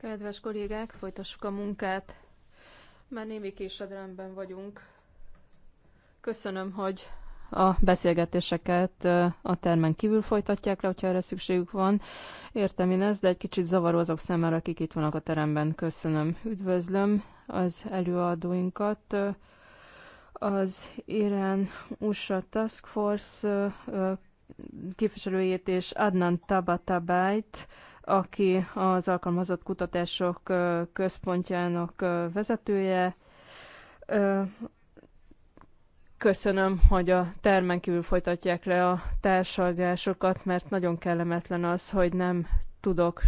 Kedves kollégák, folytassuk a munkát. Már némi késedelemben vagyunk. Köszönöm, hogy a beszélgetéseket a termen kívül folytatják le, hogyha erre szükségük van. Értem én ezt, de egy kicsit zavaró azok számára, akik itt vannak a teremben. Köszönöm. Üdvözlöm az előadóinkat az Irán-USA Task Force képviselőjét és Adnan Tabatabájt, aki az alkalmazott kutatások központjának vezetője. Köszönöm, hogy a termen kívül folytatják le a társalgásokat, mert nagyon kellemetlen az, hogy nem tudok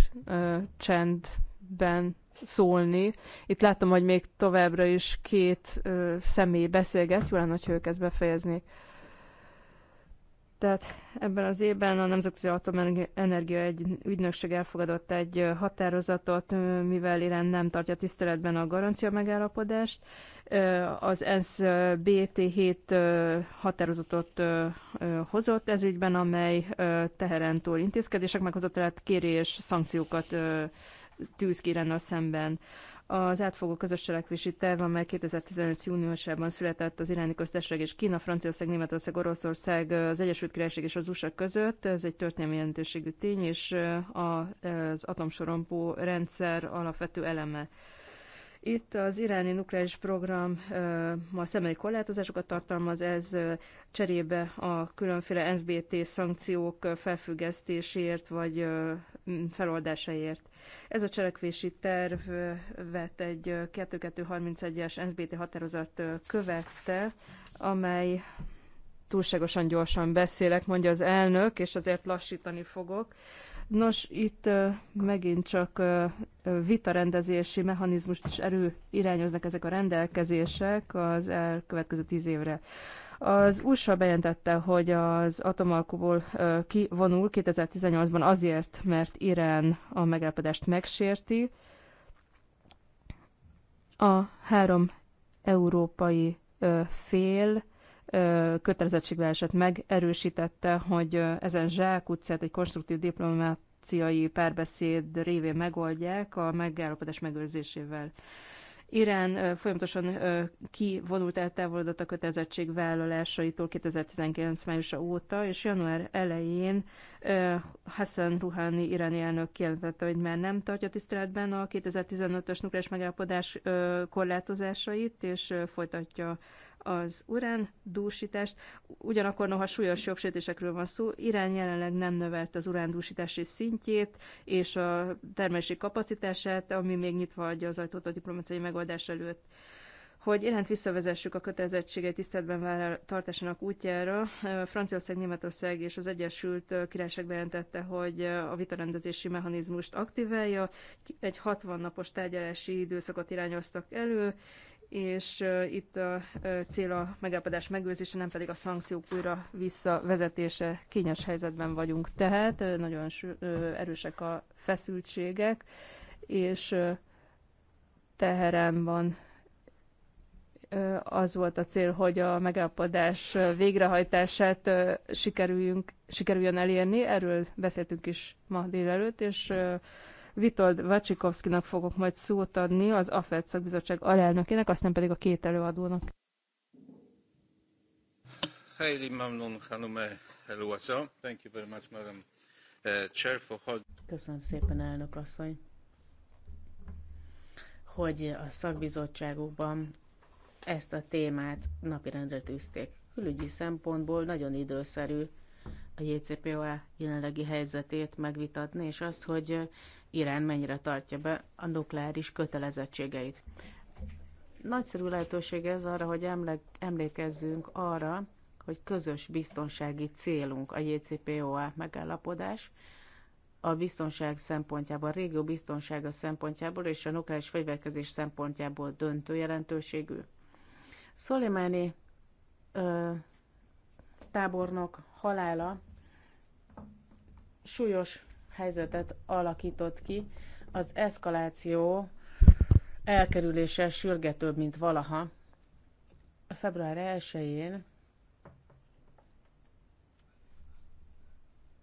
csendben szólni. Itt látom, hogy még továbbra is két ö, személy beszélget, jól lenne, hogyha ők ezt befejeznék. Tehát ebben az évben a Nemzetközi Atomenergia egy ügynökség elfogadott egy határozatot, mivel Irán nem tartja tiszteletben a garancia megállapodást. Az ENSZ BT7 határozatot hozott ez ügyben, amely Teherentól intézkedések meghozott, tehát kérés szankciókat tűz ki szemben az átfogó közös cselekvési terv, amely 2015. júniusában született az iráni köztesség és Kína, Franciaország, Németország, Oroszország, az Egyesült Királyság és az USA között. Ez egy történelmi jelentőségű tény, és az atomsorompó rendszer alapvető eleme. Itt az iráni nukleáris program ma szemeli korlátozásokat tartalmaz, ez cserébe a különféle SBT szankciók felfüggesztéséért vagy feloldásáért. Ez a cselekvési terv vett egy 2231-es SBT határozat követte, amely túlságosan gyorsan beszélek, mondja az elnök, és azért lassítani fogok. Nos, itt megint csak vitarendezési mechanizmust is erő irányoznak ezek a rendelkezések az elkövetkező tíz évre. Az USA bejelentette, hogy az atomalkuból kivonul 2018-ban azért, mert Irán a megállapodást megsérti. A három európai fél kötelezettségbe esett meg, erősítette, hogy ezen utcát egy konstruktív diplomáciai párbeszéd révén megoldják a megállapodás megőrzésével. Irán folyamatosan kivonult, eltávolodott a kötelezettség vállalásaitól 2019 májusa óta, és január elején Hassan Rouhani iráni elnök kijelentette, hogy már nem tartja tiszteletben a 2015-ös nukleáris megállapodás korlátozásait, és folytatja az urán dúsítást. Ugyanakkor noha súlyos jogsértésekről van szó, Irán jelenleg nem növelt az urán dúsítási szintjét és a termelési kapacitását, ami még nyitva adja az ajtót a diplomáciai megoldás előtt hogy iránt visszavezessük a kötelezettségei tiszteletben tartásának útjára. Franciaország, Németország és az Egyesült Királyság bejelentette, hogy a vitarendezési mechanizmust aktiválja. Egy 60 napos tárgyalási időszakot irányoztak elő, és itt a cél a megállapodás megőrzése, nem pedig a szankciók újra visszavezetése. Kényes helyzetben vagyunk tehát, nagyon erősek a feszültségek, és van az volt a cél, hogy a megállapodás végrehajtását sikerüljünk, sikerüljön elérni. Erről beszéltünk is ma délelőtt, és Vitold Vacsikovszkinak fogok majd szót adni, az AFED szakbizottság alelnökének, aztán pedig a két előadónak. Thank you very much, Madam eh, Chair, for... Köszönöm szépen, elnök asszony, hogy a szakbizottságukban ezt a témát napirendre tűzték. Külügyi szempontból nagyon időszerű a JCPOA jelenlegi helyzetét megvitatni, és azt, hogy Irán mennyire tartja be a nukleáris kötelezettségeit. Nagyszerű lehetőség ez arra, hogy emlékezzünk arra, hogy közös biztonsági célunk a JCPOA megállapodás, a biztonság szempontjából, a régió biztonsága szempontjából és a nukleáris fegyverkezés szempontjából döntő jelentőségű. Szolimáni ö, tábornok halála súlyos helyzetet alakított ki. Az eszkaláció elkerülése sürgetőbb, mint valaha. Február 1-én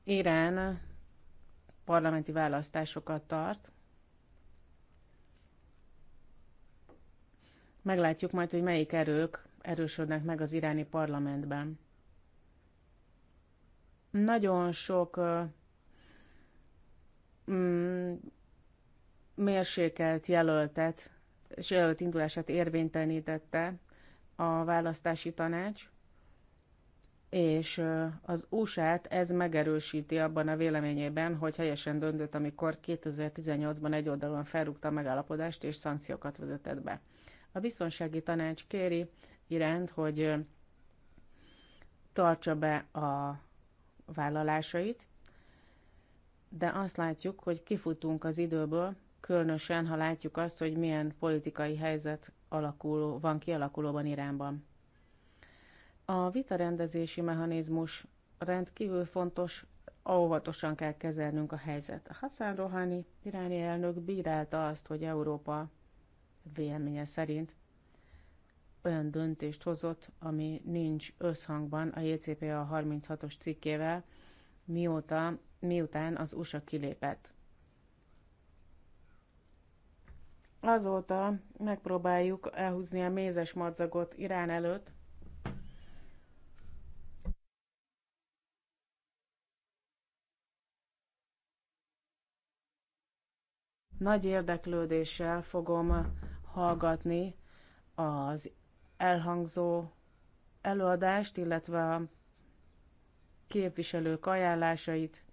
Irán parlamenti választásokat tart. Meglátjuk majd, hogy melyik erők erősödnek meg az iráni parlamentben. Nagyon sok Mm, mérsékelt jelöltet és jelölt indulását érvénytelenítette a választási tanács, és az USA-t ez megerősíti abban a véleményében, hogy helyesen döntött, amikor 2018-ban egy oldalon felrúgta a megállapodást és szankciókat vezetett be. A biztonsági tanács kéri iránt, hogy tartsa be a vállalásait, de azt látjuk, hogy kifutunk az időből, különösen, ha látjuk azt, hogy milyen politikai helyzet alakuló, van kialakulóban Iránban. A vitarendezési mechanizmus rendkívül fontos, óvatosan kell kezelnünk a helyzet. Hassan Rohani iráni elnök bírálta azt, hogy Európa véleménye szerint olyan döntést hozott, ami nincs összhangban a JCPA 36-os cikkével, mióta miután az USA kilépett. Azóta megpróbáljuk elhúzni a mézes madzagot Irán előtt, nagy érdeklődéssel fogom hallgatni az elhangzó előadást, illetve a képviselők ajánlásait,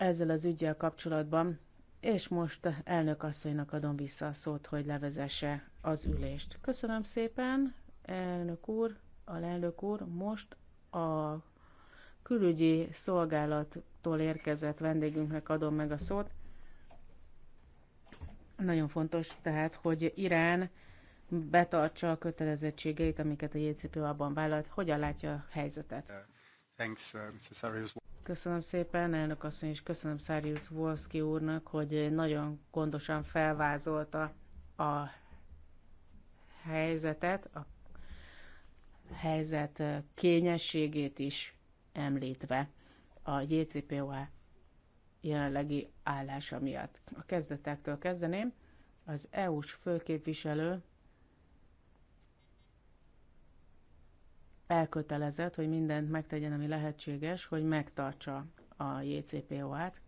ezzel az ügyjel kapcsolatban, és most elnök asszonynak adom vissza a szót, hogy levezesse az ülést. Köszönöm szépen, elnök úr, alelnök úr, most a külügyi szolgálattól érkezett vendégünknek adom meg a szót. Nagyon fontos tehát, hogy Irán betartsa a kötelezettségeit, amiket a JCPOA-ban vállalt. Hogyan látja a helyzetet? Uh, thanks, uh, Köszönöm szépen, elnök asszony, és köszönöm Száriusz Volszki úrnak, hogy nagyon gondosan felvázolta a helyzetet, a helyzet kényességét is említve a JCPOA jelenlegi állása miatt. A kezdetektől kezdeném. Az EU-s főképviselő elkötelezett, hogy mindent megtegyen, ami lehetséges, hogy megtartsa a JCPOA-t.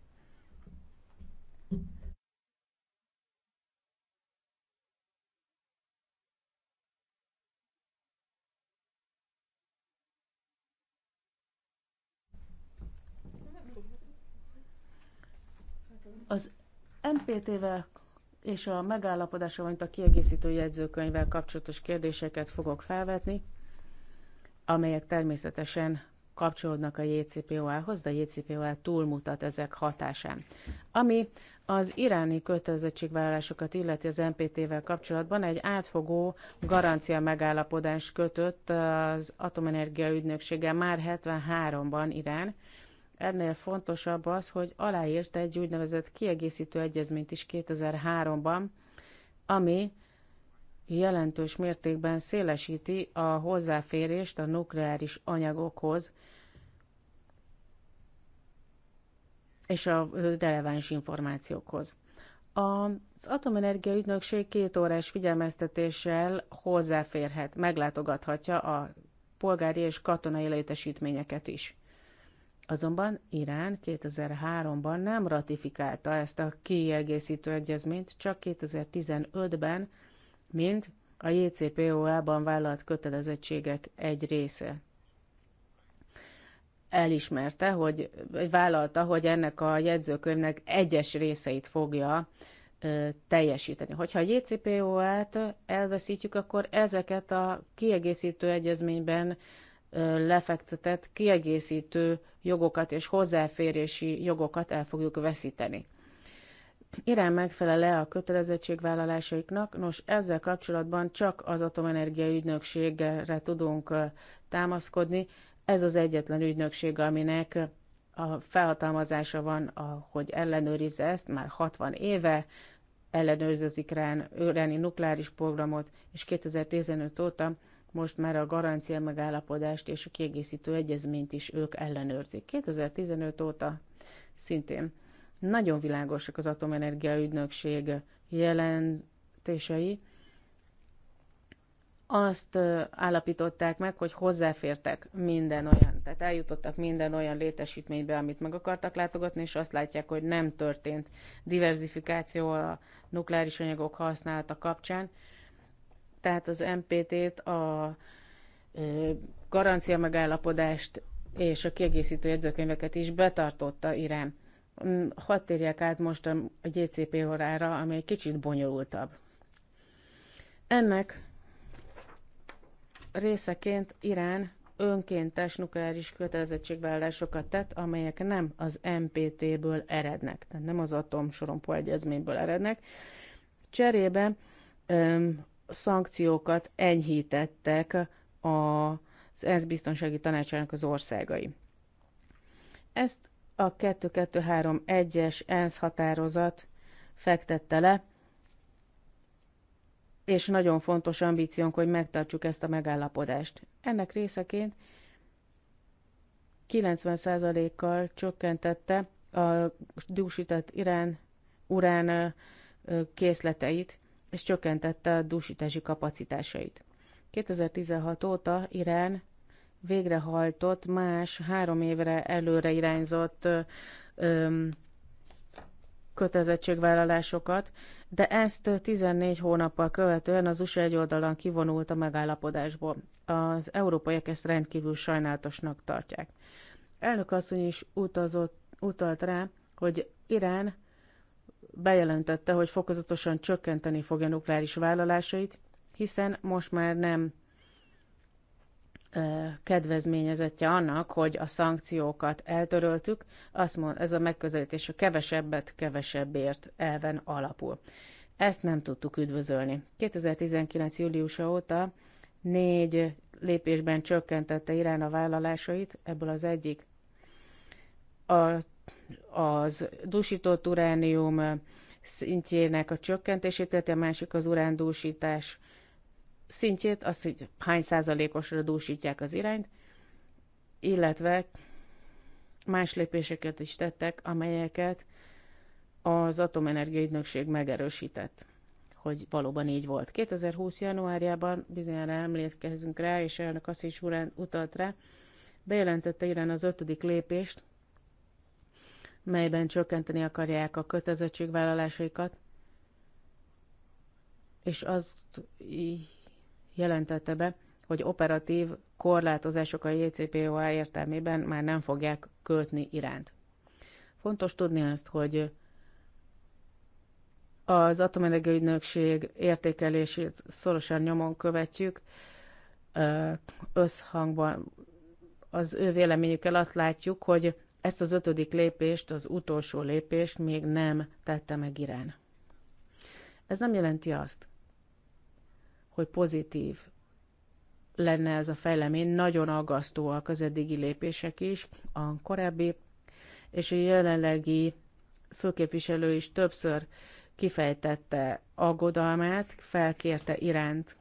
Az MPT-vel és a megállapodása, mint a kiegészítő jegyzőkönyvvel kapcsolatos kérdéseket fogok felvetni amelyek természetesen kapcsolódnak a JCPOA-hoz, de a JCPOA túlmutat ezek hatásán. Ami az iráni kötelezettségvállalásokat illeti az NPT-vel kapcsolatban egy átfogó garancia megállapodás kötött az Atomenergia Ügynöksége már 73-ban Irán. Ennél fontosabb az, hogy aláírt egy úgynevezett kiegészítő egyezményt is 2003-ban, ami jelentős mértékben szélesíti a hozzáférést a nukleáris anyagokhoz és a releváns információkhoz. Az Atomenergia Ügynökség két órás figyelmeztetéssel hozzáférhet, meglátogathatja a polgári és katonai létesítményeket is. Azonban Irán 2003-ban nem ratifikálta ezt a kiegészítő egyezményt, csak 2015-ben mint a JCPOA-ban vállalt kötelezettségek egy része. Elismerte, hogy vállalta, hogy ennek a jegyzőkönyvnek egyes részeit fogja teljesíteni. Hogyha a JCPOA-t elveszítjük, akkor ezeket a kiegészítő egyezményben lefektetett kiegészítő jogokat és hozzáférési jogokat el fogjuk veszíteni. Irán megfelele a kötelezettségvállalásaiknak, nos ezzel kapcsolatban csak az atomenergia ügynökségre tudunk támaszkodni. Ez az egyetlen ügynökség, aminek a felhatalmazása van, hogy ellenőrizze ezt, már 60 éve ellenőrzezik rán iráni nukleáris programot, és 2015 óta most már a garancia megállapodást és a kiegészítő egyezményt is ők ellenőrzik. 2015 óta szintén nagyon világosak az Atomenergia Ügynökség jelentései. Azt állapították meg, hogy hozzáfértek minden olyan, tehát eljutottak minden olyan létesítménybe, amit meg akartak látogatni, és azt látják, hogy nem történt diversifikáció a nukleáris anyagok használata kapcsán. Tehát az MPT-t a garancia megállapodást és a kiegészítő jegyzőkönyveket is betartotta Irán. Mm, hadd térjek át most a GCP órára, ami egy kicsit bonyolultabb. Ennek részeként Irán önkéntes nukleáris kötelezettségvállalásokat tett, amelyek nem az NPT-ből erednek, tehát nem az sorompó egyezményből erednek. Cserébe öm, szankciókat enyhítettek az ENSZ biztonsági tanácsának az országai. Ezt a 2231-es ENSZ határozat fektette le, és nagyon fontos ambíciónk, hogy megtartsuk ezt a megállapodást. Ennek részeként 90%-kal csökkentette a dúsított irán urán készleteit, és csökkentette a dúsítási kapacitásait. 2016 óta Irán végrehajtott más három évre előre irányzott kötelezettségvállalásokat, de ezt 14 hónappal követően az USA egy oldalon kivonult a megállapodásból. Az európaiak ezt rendkívül sajnálatosnak tartják. Elnök asszony is utazott, utalt rá, hogy Irán bejelentette, hogy fokozatosan csökkenteni fogja nukleáris vállalásait, hiszen most már nem kedvezményezettje annak, hogy a szankciókat eltöröltük, azt mond, ez a megközelítés a kevesebbet kevesebbért elven alapul. Ezt nem tudtuk üdvözölni. 2019. júliusa óta négy lépésben csökkentette Irán a vállalásait, ebből az egyik a, az dusított uránium szintjének a csökkentését, tehát a másik az urándúsítás szintjét, azt, hogy hány százalékosra dúsítják az irányt, illetve más lépéseket is tettek, amelyeket az Atomenergia Ügynökség megerősített, hogy valóban így volt. 2020. januárjában bizonyára emlékezünk rá, és elnök azt is utalt rá, bejelentette Irán az ötödik lépést, melyben csökkenteni akarják a kötelezettségvállalásaikat, és azt jelentette be, hogy operatív korlátozások a JCPOA értelmében már nem fogják költni iránt. Fontos tudni azt, hogy az Atomenergia Ügynökség értékelését szorosan nyomon követjük, összhangban az ő véleményükkel azt látjuk, hogy ezt az ötödik lépést, az utolsó lépést még nem tette meg Irán. Ez nem jelenti azt, hogy pozitív lenne ez a fejlemény. Nagyon aggasztóak az eddigi lépések is, a korábbi és a jelenlegi főképviselő is többször kifejtette aggodalmát, felkérte iránt,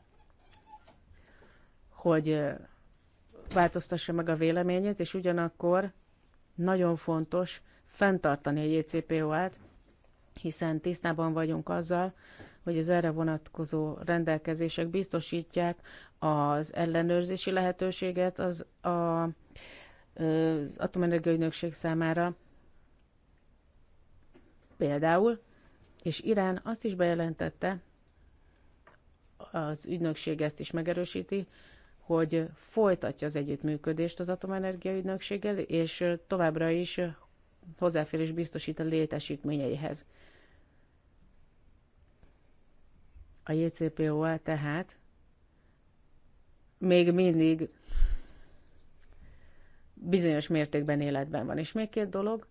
hogy változtassa meg a véleményét, és ugyanakkor nagyon fontos fenntartani a jcpo t hiszen tisztában vagyunk azzal, hogy az erre vonatkozó rendelkezések biztosítják az ellenőrzési lehetőséget az, a, az Atomenergia Ügynökség számára. Például, és Irán azt is bejelentette, az ügynökség ezt is megerősíti, hogy folytatja az együttműködést az Atomenergia Ügynökséggel, és továbbra is hozzáférés biztosít a létesítményeihez. A JCPOA tehát még mindig bizonyos mértékben életben van. És még két dolog,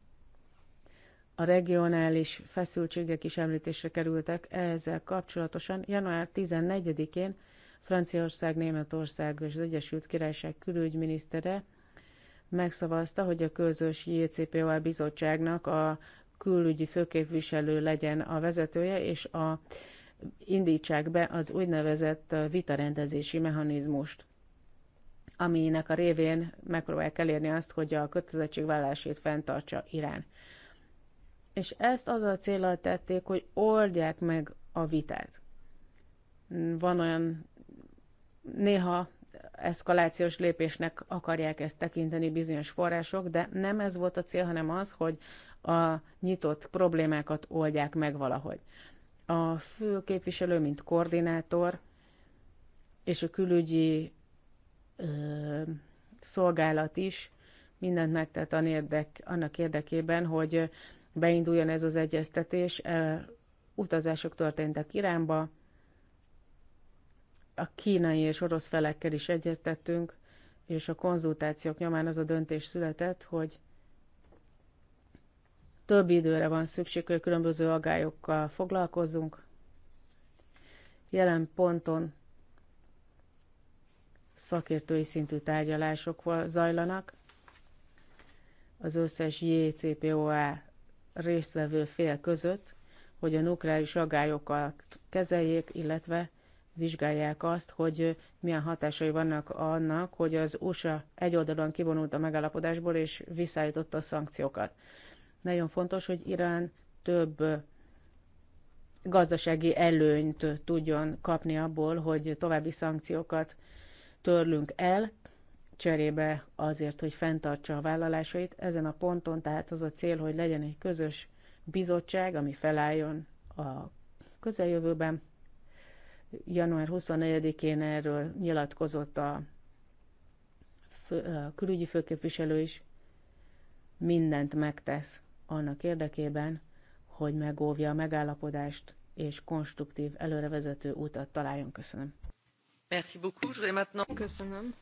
a regionális feszültségek is említésre kerültek. Ezzel kapcsolatosan január 14-én Franciaország, Németország és az Egyesült Királyság külügyminisztere megszavazta, hogy a közös JCPOA bizottságnak a külügyi főképviselő legyen a vezetője, és a indítsák be az úgynevezett vitarendezési mechanizmust, aminek a révén megpróbálják elérni azt, hogy a kötelezettségvállalásét fenntartsa Irán. És ezt az a célral tették, hogy oldják meg a vitát. Van olyan, néha eszkalációs lépésnek akarják ezt tekinteni bizonyos források, de nem ez volt a cél, hanem az, hogy a nyitott problémákat oldják meg valahogy a fő képviselő, mint koordinátor, és a külügyi ö, szolgálat is mindent megtett érdek, annak érdekében, hogy beinduljon ez az egyeztetés. E, utazások történtek Iránba, a kínai és orosz felekkel is egyeztettünk, és a konzultációk nyomán az a döntés született, hogy több időre van szükség, hogy különböző agályokkal foglalkozzunk. Jelen ponton szakértői szintű tárgyalások zajlanak. Az összes JCPOA résztvevő fél között, hogy a nukleáris agályokat kezeljék, illetve vizsgálják azt, hogy milyen hatásai vannak annak, hogy az USA egyoldalúan kivonult a megállapodásból és visszaállította a szankciókat. Nagyon fontos, hogy Irán több gazdasági előnyt tudjon kapni abból, hogy további szankciókat törlünk el, cserébe azért, hogy fenntartsa a vállalásait. Ezen a ponton tehát az a cél, hogy legyen egy közös bizottság, ami felálljon a közeljövőben. Január 24-én erről nyilatkozott a, fő, a külügyi főképviselő is, mindent megtesz annak érdekében, hogy megóvja a megállapodást és konstruktív, előrevezető utat találjon. Köszönöm. Merci beaucoup. Je vais maintenant... Köszönöm.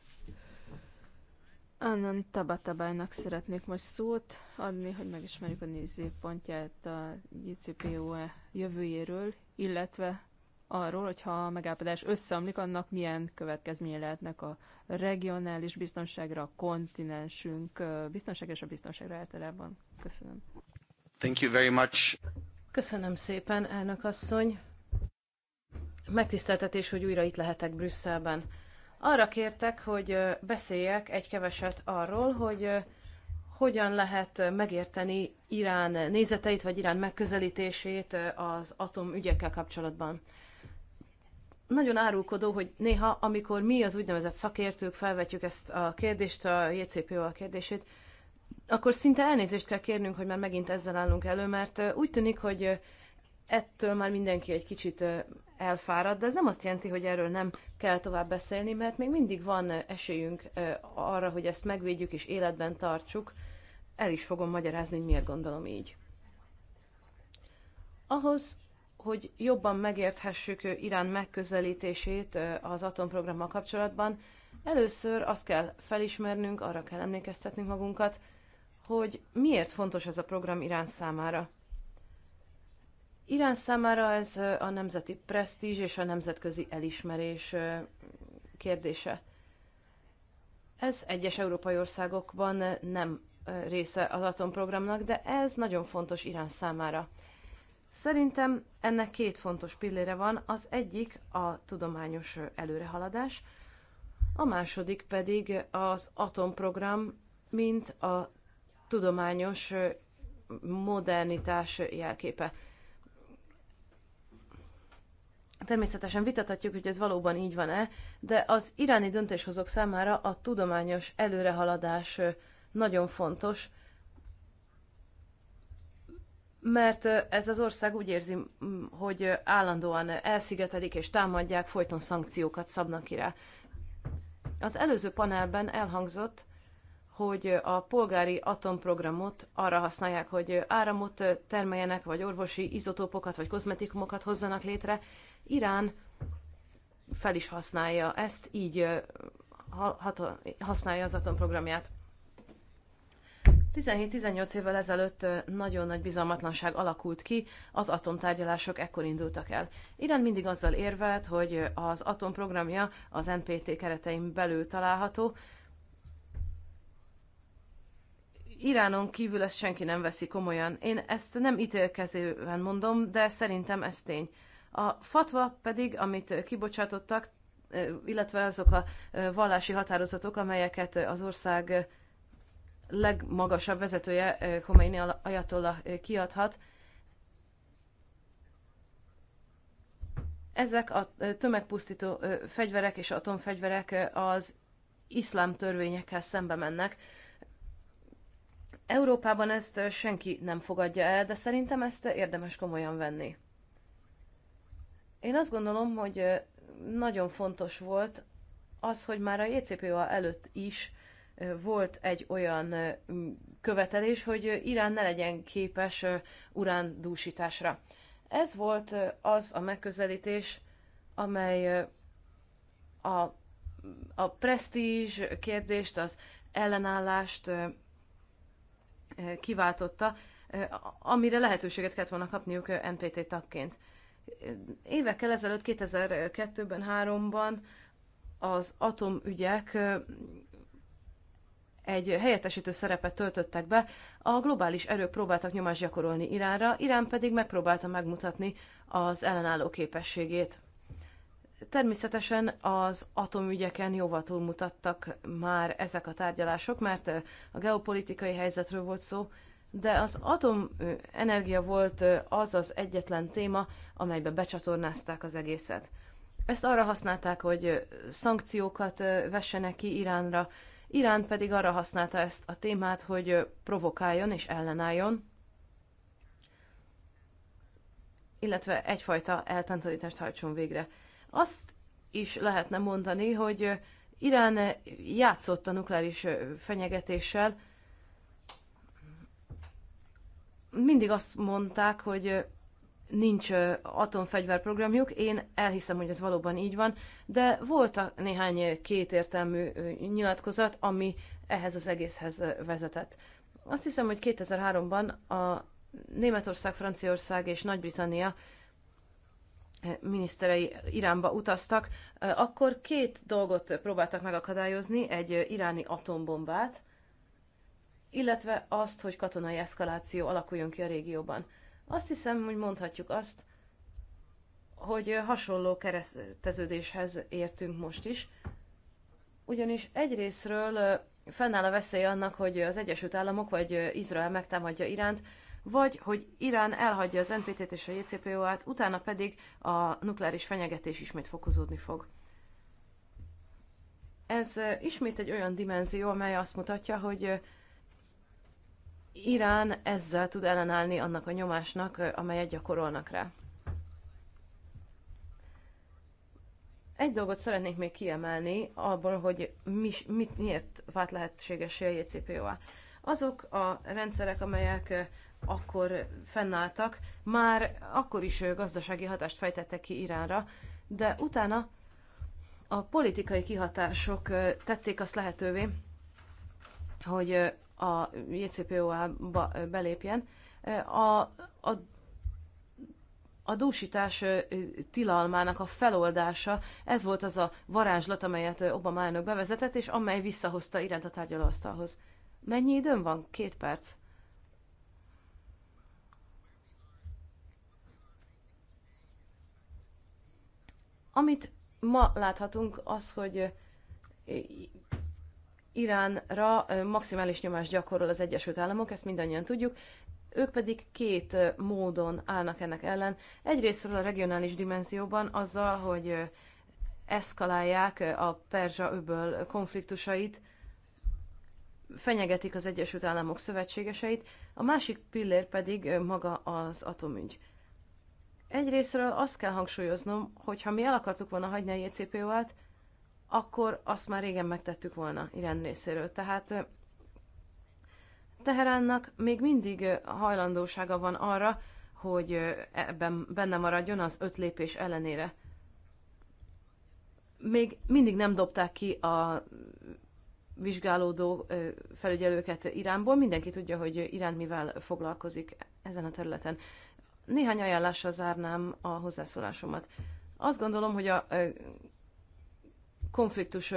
Annan Tabatabájnak szeretnék most szót adni, hogy megismerjük a nézőpontját a JCPOE jövőjéről, illetve arról, hogyha a megállapodás összeomlik, annak milyen következménye lehetnek a regionális biztonságra, a kontinensünk biztonságra és a biztonságra általában. Köszönöm. Thank you very much. Köszönöm szépen, elnök asszony. Megtiszteltetés, hogy újra itt lehetek Brüsszelben. Arra kértek, hogy beszéljek egy keveset arról, hogy hogyan lehet megérteni Irán nézeteit vagy Irán megközelítését az atomügyekkel kapcsolatban nagyon árulkodó, hogy néha, amikor mi az úgynevezett szakértők felvetjük ezt a kérdést, a jcpo a kérdését, akkor szinte elnézést kell kérnünk, hogy már megint ezzel állunk elő, mert úgy tűnik, hogy ettől már mindenki egy kicsit elfárad, de ez nem azt jelenti, hogy erről nem kell tovább beszélni, mert még mindig van esélyünk arra, hogy ezt megvédjük és életben tartsuk. El is fogom magyarázni, hogy miért gondolom így. Ahhoz, hogy jobban megérthessük Irán megközelítését az atomprogrammal kapcsolatban, először azt kell felismernünk, arra kell emlékeztetnünk magunkat, hogy miért fontos ez a program Irán számára. Irán számára ez a nemzeti presztízs és a nemzetközi elismerés kérdése. Ez egyes európai országokban nem része az atomprogramnak, de ez nagyon fontos Irán számára. Szerintem ennek két fontos pillére van. Az egyik a tudományos előrehaladás, a második pedig az atomprogram, mint a tudományos modernitás jelképe. Természetesen vitathatjuk, hogy ez valóban így van-e, de az iráni döntéshozók számára a tudományos előrehaladás nagyon fontos, mert ez az ország úgy érzi, hogy állandóan elszigetelik és támadják, folyton szankciókat szabnak ki rá. Az előző panelben elhangzott, hogy a polgári atomprogramot arra használják, hogy áramot termeljenek, vagy orvosi izotópokat, vagy kozmetikumokat hozzanak létre. Irán fel is használja ezt, így használja az atomprogramját. 17-18 évvel ezelőtt nagyon nagy bizalmatlanság alakult ki, az atomtárgyalások ekkor indultak el. Irán mindig azzal érvelt, hogy az atomprogramja az NPT keretein belül található, Iránon kívül ezt senki nem veszi komolyan. Én ezt nem ítélkezően mondom, de szerintem ez tény. A fatva pedig, amit kibocsátottak, illetve azok a vallási határozatok, amelyeket az ország legmagasabb vezetője, eh, Khomeini Ayatollah eh, kiadhat. Ezek a eh, tömegpusztító fegyverek és atomfegyverek az iszlám törvényekkel szembe mennek. Európában ezt senki nem fogadja el, de szerintem ezt érdemes komolyan venni. Én azt gondolom, hogy nagyon fontos volt az, hogy már a JCPOA előtt is volt egy olyan követelés, hogy Irán ne legyen képes urán dúsításra. Ez volt az a megközelítés, amely a, a presztízs kérdést, az ellenállást kiváltotta, amire lehetőséget kellett volna kapniuk NPT tagként. Évekkel ezelőtt, 2002-ben, 3 ban az atomügyek egy helyettesítő szerepet töltöttek be, a globális erők próbáltak nyomást gyakorolni Iránra, Irán pedig megpróbálta megmutatni az ellenálló képességét. Természetesen az atomügyeken jóval túlmutattak már ezek a tárgyalások, mert a geopolitikai helyzetről volt szó, de az atomenergia volt az az egyetlen téma, amelybe becsatornázták az egészet. Ezt arra használták, hogy szankciókat vessenek ki Iránra, Irán pedig arra használta ezt a témát, hogy provokáljon és ellenálljon, illetve egyfajta eltántorítást hajtson végre. Azt is lehetne mondani, hogy Irán játszott a nukleáris fenyegetéssel. Mindig azt mondták, hogy nincs atomfegyverprogramjuk, én elhiszem, hogy ez valóban így van, de volt néhány kétértelmű nyilatkozat, ami ehhez az egészhez vezetett. Azt hiszem, hogy 2003-ban a Németország, Franciaország és Nagy-Britannia miniszterei Iránba utaztak, akkor két dolgot próbáltak megakadályozni, egy iráni atombombát, illetve azt, hogy katonai eszkaláció alakuljon ki a régióban. Azt hiszem, hogy mondhatjuk azt, hogy hasonló kereszteződéshez értünk most is, ugyanis egyrésztről fennáll a veszély annak, hogy az Egyesült Államok vagy Izrael megtámadja Iránt, vagy hogy Irán elhagyja az NPT-t és a JCPOA-t, utána pedig a nukleáris fenyegetés ismét fokozódni fog. Ez ismét egy olyan dimenzió, amely azt mutatja, hogy Irán ezzel tud ellenállni annak a nyomásnak, amelyet gyakorolnak rá. Egy dolgot szeretnék még kiemelni abból, hogy mi, mit, miért vált lehetséges a JCPOA. Azok a rendszerek, amelyek eh, akkor fennálltak, már akkor is eh, gazdasági hatást fejtettek ki Iránra, de utána a politikai kihatások eh, tették azt lehetővé, hogy a JCPOA-ba belépjen. A, a, a dúsítás tilalmának a feloldása, ez volt az a varázslat, amelyet Obama elnök bevezetett, és amely visszahozta iránt a tárgyalóasztalhoz. Mennyi időm van? Két perc. Amit ma láthatunk, az, hogy Iránra maximális nyomást gyakorol az Egyesült Államok, ezt mindannyian tudjuk, ők pedig két módon állnak ennek ellen. Egyrésztről a regionális dimenzióban azzal, hogy eszkalálják a perzsa öböl konfliktusait, fenyegetik az Egyesült Államok szövetségeseit, a másik pillér pedig maga az atomügy. Egyrésztről azt kell hangsúlyoznom, hogy ha mi el akartuk volna hagyni a JCPO-át, akkor azt már régen megtettük volna Irán részéről. Tehát Teheránnak még mindig hajlandósága van arra, hogy ebben benne maradjon az öt lépés ellenére. Még mindig nem dobták ki a vizsgálódó felügyelőket Iránból. Mindenki tudja, hogy Irán mivel foglalkozik ezen a területen. Néhány ajánlással zárnám a hozzászólásomat. Azt gondolom, hogy a konfliktus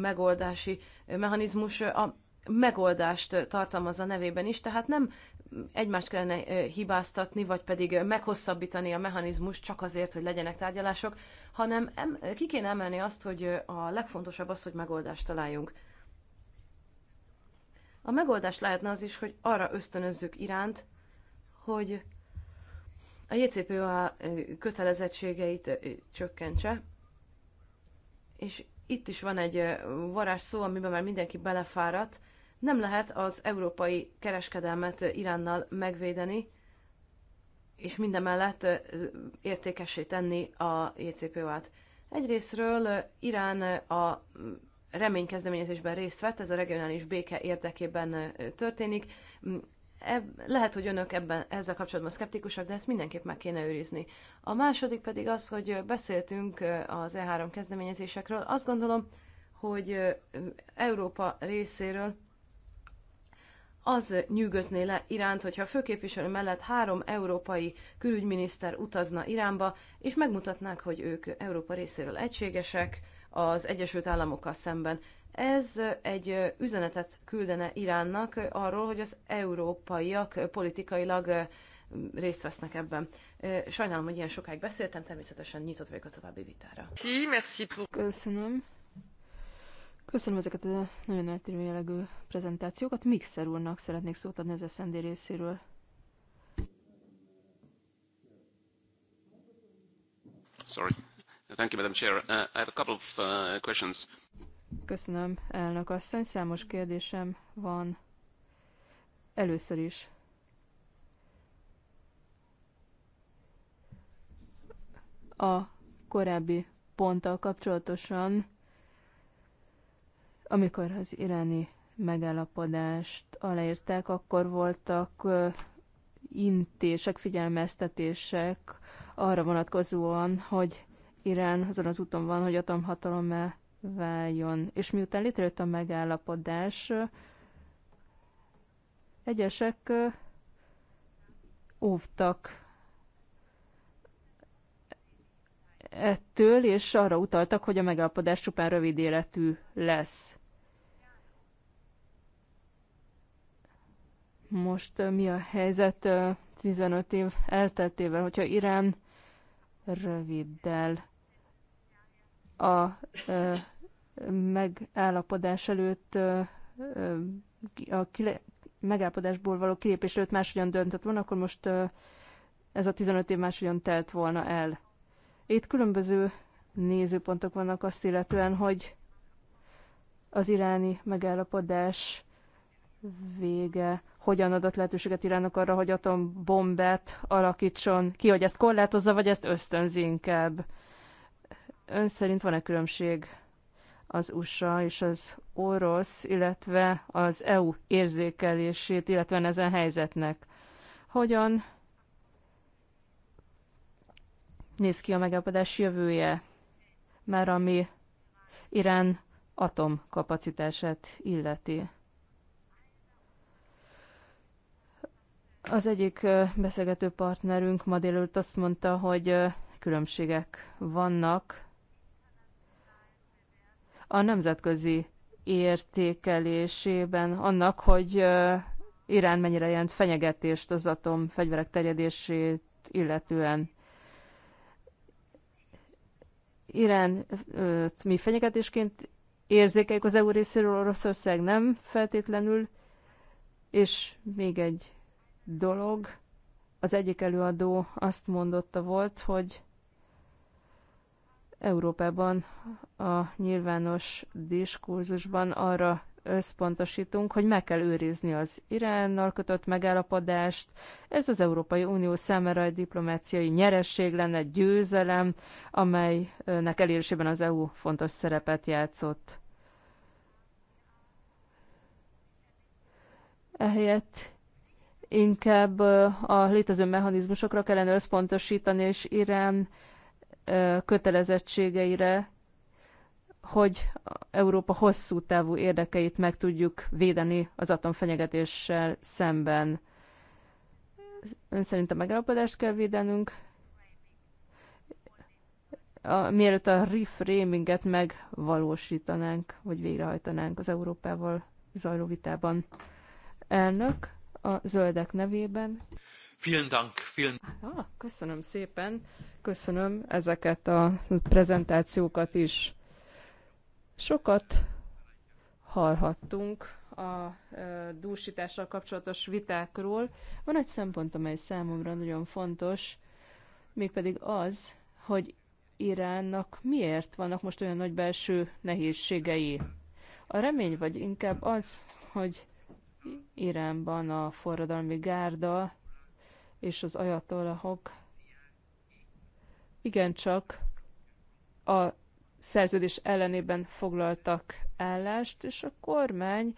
megoldási mechanizmus a megoldást tartalmaz a nevében is, tehát nem egymást kellene hibáztatni, vagy pedig meghosszabbítani a mechanizmus csak azért, hogy legyenek tárgyalások, hanem ki kéne emelni azt, hogy a legfontosabb az, hogy megoldást találjunk. A megoldás lehetne az is, hogy arra ösztönözzük iránt, hogy a JCPOA kötelezettségeit csökkentse, és itt is van egy varázs szó, amiben már mindenki belefáradt, nem lehet az európai kereskedelmet Iránnal megvédeni, és mindemellett értékessé tenni a jcpo t Egyrésztről Irán a reménykezdeményezésben részt vett, ez a regionális béke érdekében történik eb, lehet, hogy önök ebben, ezzel kapcsolatban szkeptikusak, de ezt mindenképp meg kéne őrizni. A második pedig az, hogy beszéltünk az E3 kezdeményezésekről. Azt gondolom, hogy Európa részéről az nyűgözné le Iránt, hogyha a főképviselő mellett három európai külügyminiszter utazna Iránba, és megmutatnák, hogy ők Európa részéről egységesek az Egyesült Államokkal szemben. Ez egy üzenetet küldene Iránnak arról, hogy az európaiak politikailag részt vesznek ebben. Sajnálom, hogy ilyen sokáig beszéltem, természetesen nyitott vagyok a további vitára. Köszönöm. Köszönöm ezeket a nagyon eltérő jellegű prezentációkat. Mixer úrnak szeretnék szót adni az SZND részéről. Sorry. Thank you, Madam Chair. Uh, I have a couple of uh, questions. Köszönöm, elnök asszony. Számos kérdésem van. Először is. A korábbi ponttal kapcsolatosan, amikor az iráni megállapodást aláírták, akkor voltak intések, figyelmeztetések arra vonatkozóan, hogy Irán azon az úton van, hogy atomhatalommal váljon. És miután létrejött a megállapodás, egyesek óvtak ettől, és arra utaltak, hogy a megállapodás csupán rövid életű lesz. Most mi a helyzet 15 év elteltével, hogyha Irán röviddel a megállapodás előtt, a megállapodásból való kilépés előtt máshogyan döntött volna, akkor most ez a 15 év máshogyan telt volna el. Itt különböző nézőpontok vannak azt illetően, hogy az iráni megállapodás vége hogyan adott lehetőséget Iránnak arra, hogy atombombát alakítson ki, hogy ezt korlátozza, vagy ezt ösztönzi inkább. Ön szerint van-e különbség az USA és az orosz, illetve az EU érzékelését, illetve ezen helyzetnek. Hogyan néz ki a megállapodás jövője, már ami Irán atomkapacitását illeti. Az egyik beszélgető partnerünk ma délőtt azt mondta, hogy különbségek vannak a nemzetközi értékelésében annak, hogy Irán mennyire jelent fenyegetést az atom fegyverek terjedését illetően. Irán mi fenyegetésként érzékeljük az EU részéről, Oroszország nem feltétlenül, és még egy dolog, az egyik előadó azt mondotta volt, hogy Európában a nyilvános diskurzusban arra összpontosítunk, hogy meg kell őrizni az Iránnal kötött megállapodást. Ez az Európai Unió számára egy diplomáciai nyeresség lenne, győzelem, amelynek elérésében az EU fontos szerepet játszott. Ehelyett inkább a létező mechanizmusokra kellene összpontosítani, és Irán kötelezettségeire, hogy Európa hosszú távú érdekeit meg tudjuk védeni az atomfenyegetéssel szemben. Ön szerint a megállapodást kell védenünk, a, mielőtt a reframinget megvalósítanánk, vagy végrehajtanánk az Európával zajló vitában. Elnök a zöldek nevében. Vielen Dank, vielen... Ah, köszönöm szépen, köszönöm ezeket a prezentációkat is. Sokat hallhattunk a dúsítással kapcsolatos vitákról. Van egy szempont, amely számomra nagyon fontos, mégpedig az, hogy Iránnak miért vannak most olyan nagy belső nehézségei. A remény vagy inkább az, hogy Iránban a forradalmi gárda és az ajatollahok igencsak a szerződés ellenében foglaltak állást, és a kormány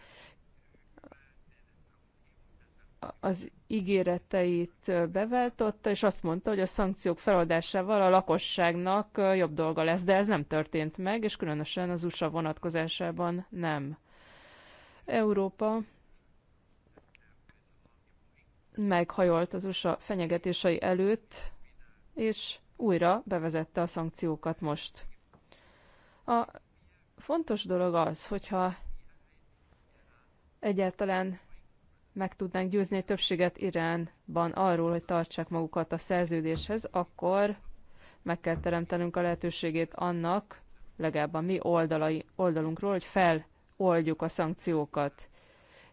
az ígéreteit beváltotta, és azt mondta, hogy a szankciók feladásával a lakosságnak jobb dolga lesz, de ez nem történt meg, és különösen az USA vonatkozásában nem. Európa meghajolt az USA fenyegetései előtt, és újra bevezette a szankciókat most. A fontos dolog az, hogyha egyáltalán meg tudnánk győzni egy többséget Iránban arról, hogy tartsák magukat a szerződéshez, akkor meg kell teremtenünk a lehetőségét annak, legalább a mi oldalai, oldalunkról, hogy feloldjuk a szankciókat.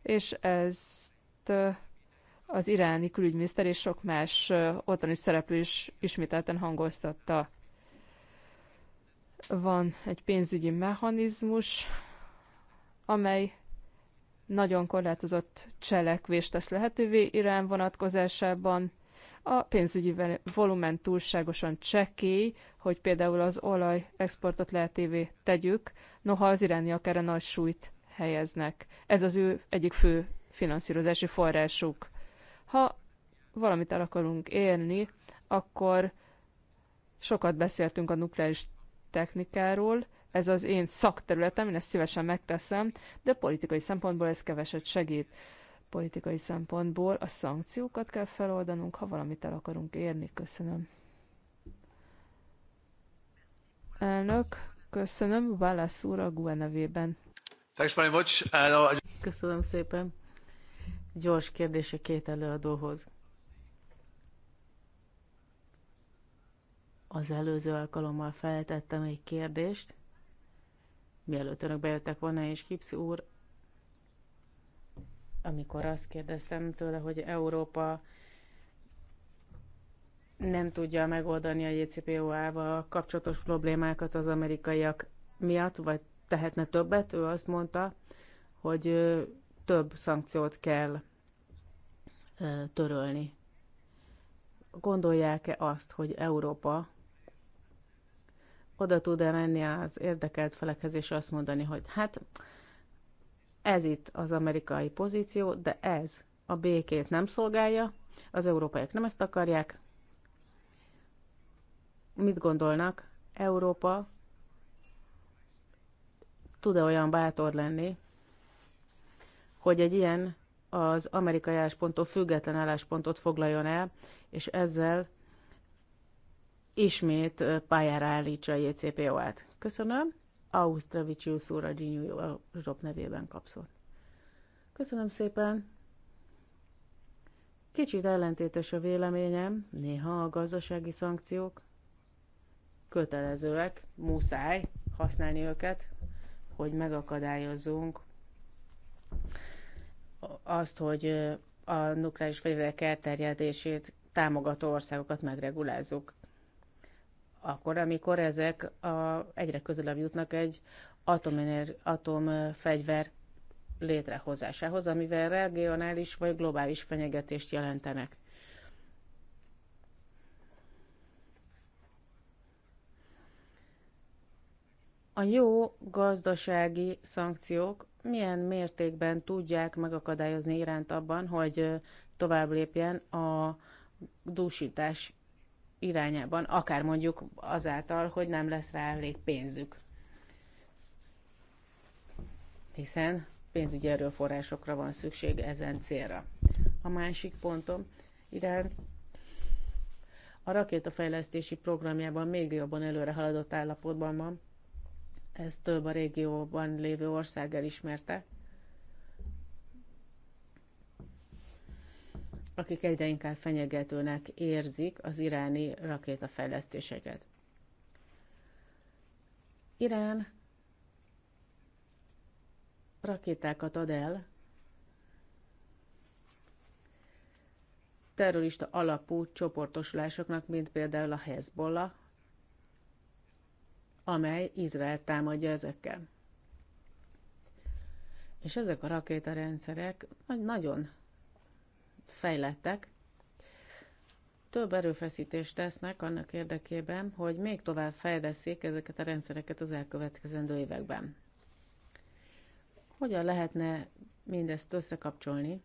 És ezt az iráni külügyminiszter és sok más otthoni szereplő is ismételten hangoztatta. Van egy pénzügyi mechanizmus, amely nagyon korlátozott cselekvést tesz lehetővé Irán vonatkozásában. A pénzügyi volumen túlságosan csekély, hogy például az olaj exportot lehetővé tegyük, noha az irániak erre nagy súlyt helyeznek. Ez az ő egyik fő finanszírozási forrásuk. Ha valamit el akarunk élni, akkor sokat beszéltünk a nukleáris technikáról, ez az én szakterületem, én ezt szívesen megteszem, de politikai szempontból ez keveset segít. Politikai szempontból a szankciókat kell feloldanunk, ha valamit el akarunk érni. Köszönöm. Elnök, köszönöm. Válasz úr a GUE nevében. Uh, köszönöm szépen. Gyors kérdése két előadóhoz. Az előző alkalommal feltettem egy kérdést, mielőtt önök bejöttek volna, és Kipsz úr, amikor azt kérdeztem tőle, hogy Európa nem tudja megoldani a JCPOA-val kapcsolatos problémákat az amerikaiak miatt, vagy tehetne többet, ő azt mondta, hogy több szankciót kell törölni. Gondolják-e azt, hogy Európa oda tud-e menni az érdekelt felekhez, és azt mondani, hogy hát ez itt az amerikai pozíció, de ez a békét nem szolgálja, az európaiak nem ezt akarják. Mit gondolnak? Európa tud-e olyan bátor lenni, hogy egy ilyen az amerikai állásponttól független álláspontot foglaljon el, és ezzel ismét pályára állítsa a JCPO-át. Köszönöm. Ausztravicius úr a New Europe nevében kapszott. Köszönöm szépen. Kicsit ellentétes a véleményem, néha a gazdasági szankciók kötelezőek, muszáj használni őket, hogy megakadályozzunk azt, hogy a nukleáris fegyverek elterjedését támogató országokat megregulázzuk. Akkor, amikor ezek a, egyre közelebb jutnak egy atomener, atomfegyver létrehozásához, amivel regionális vagy globális fenyegetést jelentenek. A jó gazdasági szankciók milyen mértékben tudják megakadályozni Iránt abban, hogy tovább lépjen a dúsítás irányában, akár mondjuk azáltal, hogy nem lesz rá elég pénzük. Hiszen pénzügyi erőforrásokra van szükség ezen célra. A másik pontom, Irán a rakétafejlesztési programjában még jobban előre haladott állapotban van, ez több a régióban lévő ország elismerte. akik egyre inkább fenyegetőnek érzik az iráni rakétafejlesztéseket. Irán rakétákat ad el terrorista alapú csoportosulásoknak, mint például a Hezbollah, amely Izrael támadja ezekkel. És ezek a rakétarendszerek nagyon fejlettek, több erőfeszítést tesznek annak érdekében, hogy még tovább fejleszik ezeket a rendszereket az elkövetkezendő években. Hogyan lehetne mindezt összekapcsolni?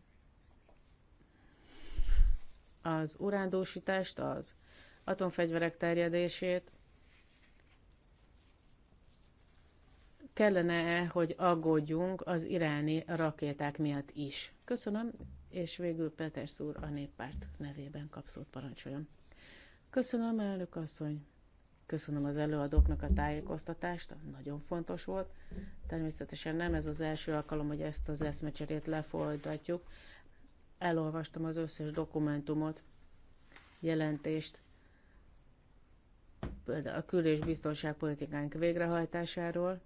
Az urándósítást, az atomfegyverek terjedését, kellene -e, hogy aggódjunk az iráni rakéták miatt is? Köszönöm, és végül Peter úr a néppárt nevében kapszót parancsoljon. Köszönöm, elnök asszony. Köszönöm az előadóknak a tájékoztatást, nagyon fontos volt. Természetesen nem ez az első alkalom, hogy ezt az eszmecserét lefolytatjuk. Elolvastam az összes dokumentumot, jelentést, például a kül- és biztonságpolitikánk végrehajtásáról,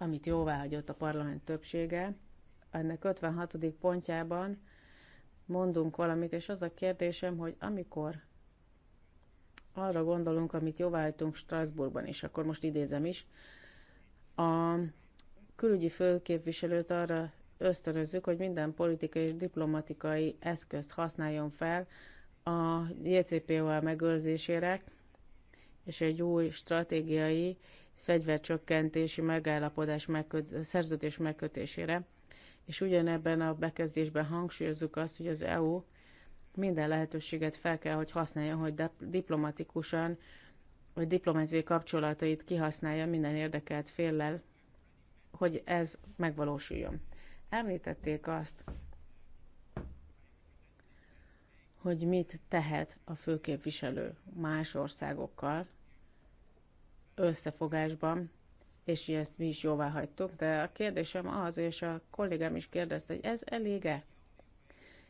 amit jóváhagyott a parlament többsége, ennek 56. pontjában mondunk valamit, és az a kérdésem, hogy amikor arra gondolunk, amit jóváhagytunk Strasbourgban is, akkor most idézem is, a külügyi főképviselőt arra ösztönözzük, hogy minden politikai és diplomatikai eszközt használjon fel a JCPOA megőrzésére, és egy új stratégiai fegyvercsökkentési megállapodás megköt, szerződés megkötésére, és ugyanebben a bekezdésben hangsúlyozzuk azt, hogy az EU minden lehetőséget fel kell, hogy használja, hogy diplomatikusan, vagy diplomáciai kapcsolatait kihasználja minden érdekelt féllel, hogy ez megvalósuljon. Említették azt, hogy mit tehet a főképviselő más országokkal, összefogásban, és ezt mi is jóvá hagytuk, de a kérdésem az, és a kollégám is kérdezte, hogy ez elége?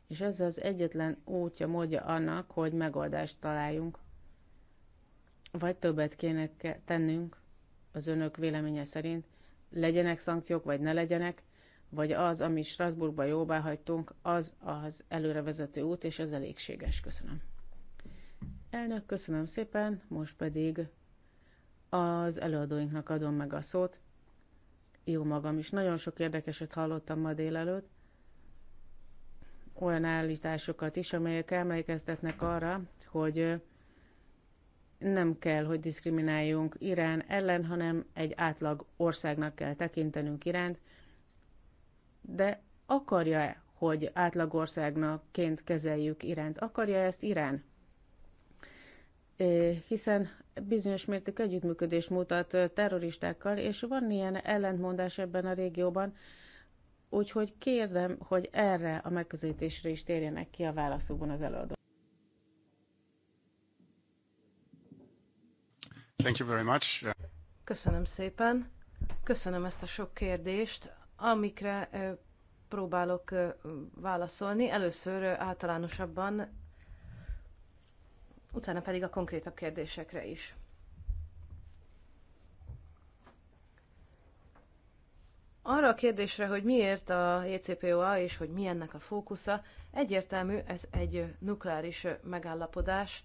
És ez az egyetlen útja, módja annak, hogy megoldást találjunk, vagy többet kéne tennünk az önök véleménye szerint, legyenek szankciók, vagy ne legyenek, vagy az, ami Strasbourgban jóvá hagytunk, az az előrevezető út, és ez elégséges. Köszönöm. Elnök, köszönöm szépen, most pedig az előadóinknak adom meg a szót. Jó magam is. Nagyon sok érdekeset hallottam ma délelőtt. Olyan állításokat is, amelyek emlékeztetnek arra, hogy nem kell, hogy diszkrimináljunk Irán ellen, hanem egy átlag országnak kell tekintenünk Iránt. De akarja-e, hogy átlagországnakként kezeljük Iránt? Akarja ezt Irán? hiszen bizonyos mérték együttműködés mutat terroristákkal, és van ilyen ellentmondás ebben a régióban, úgyhogy kérdem, hogy erre a megközelítésre is térjenek ki a válaszukban az előadó. Thank you very much. Köszönöm szépen. Köszönöm ezt a sok kérdést, amikre próbálok válaszolni. Először általánosabban utána pedig a konkrétabb kérdésekre is. Arra a kérdésre, hogy miért a JCPOA e és hogy mi ennek a fókusza, egyértelmű, ez egy nukleáris megállapodás.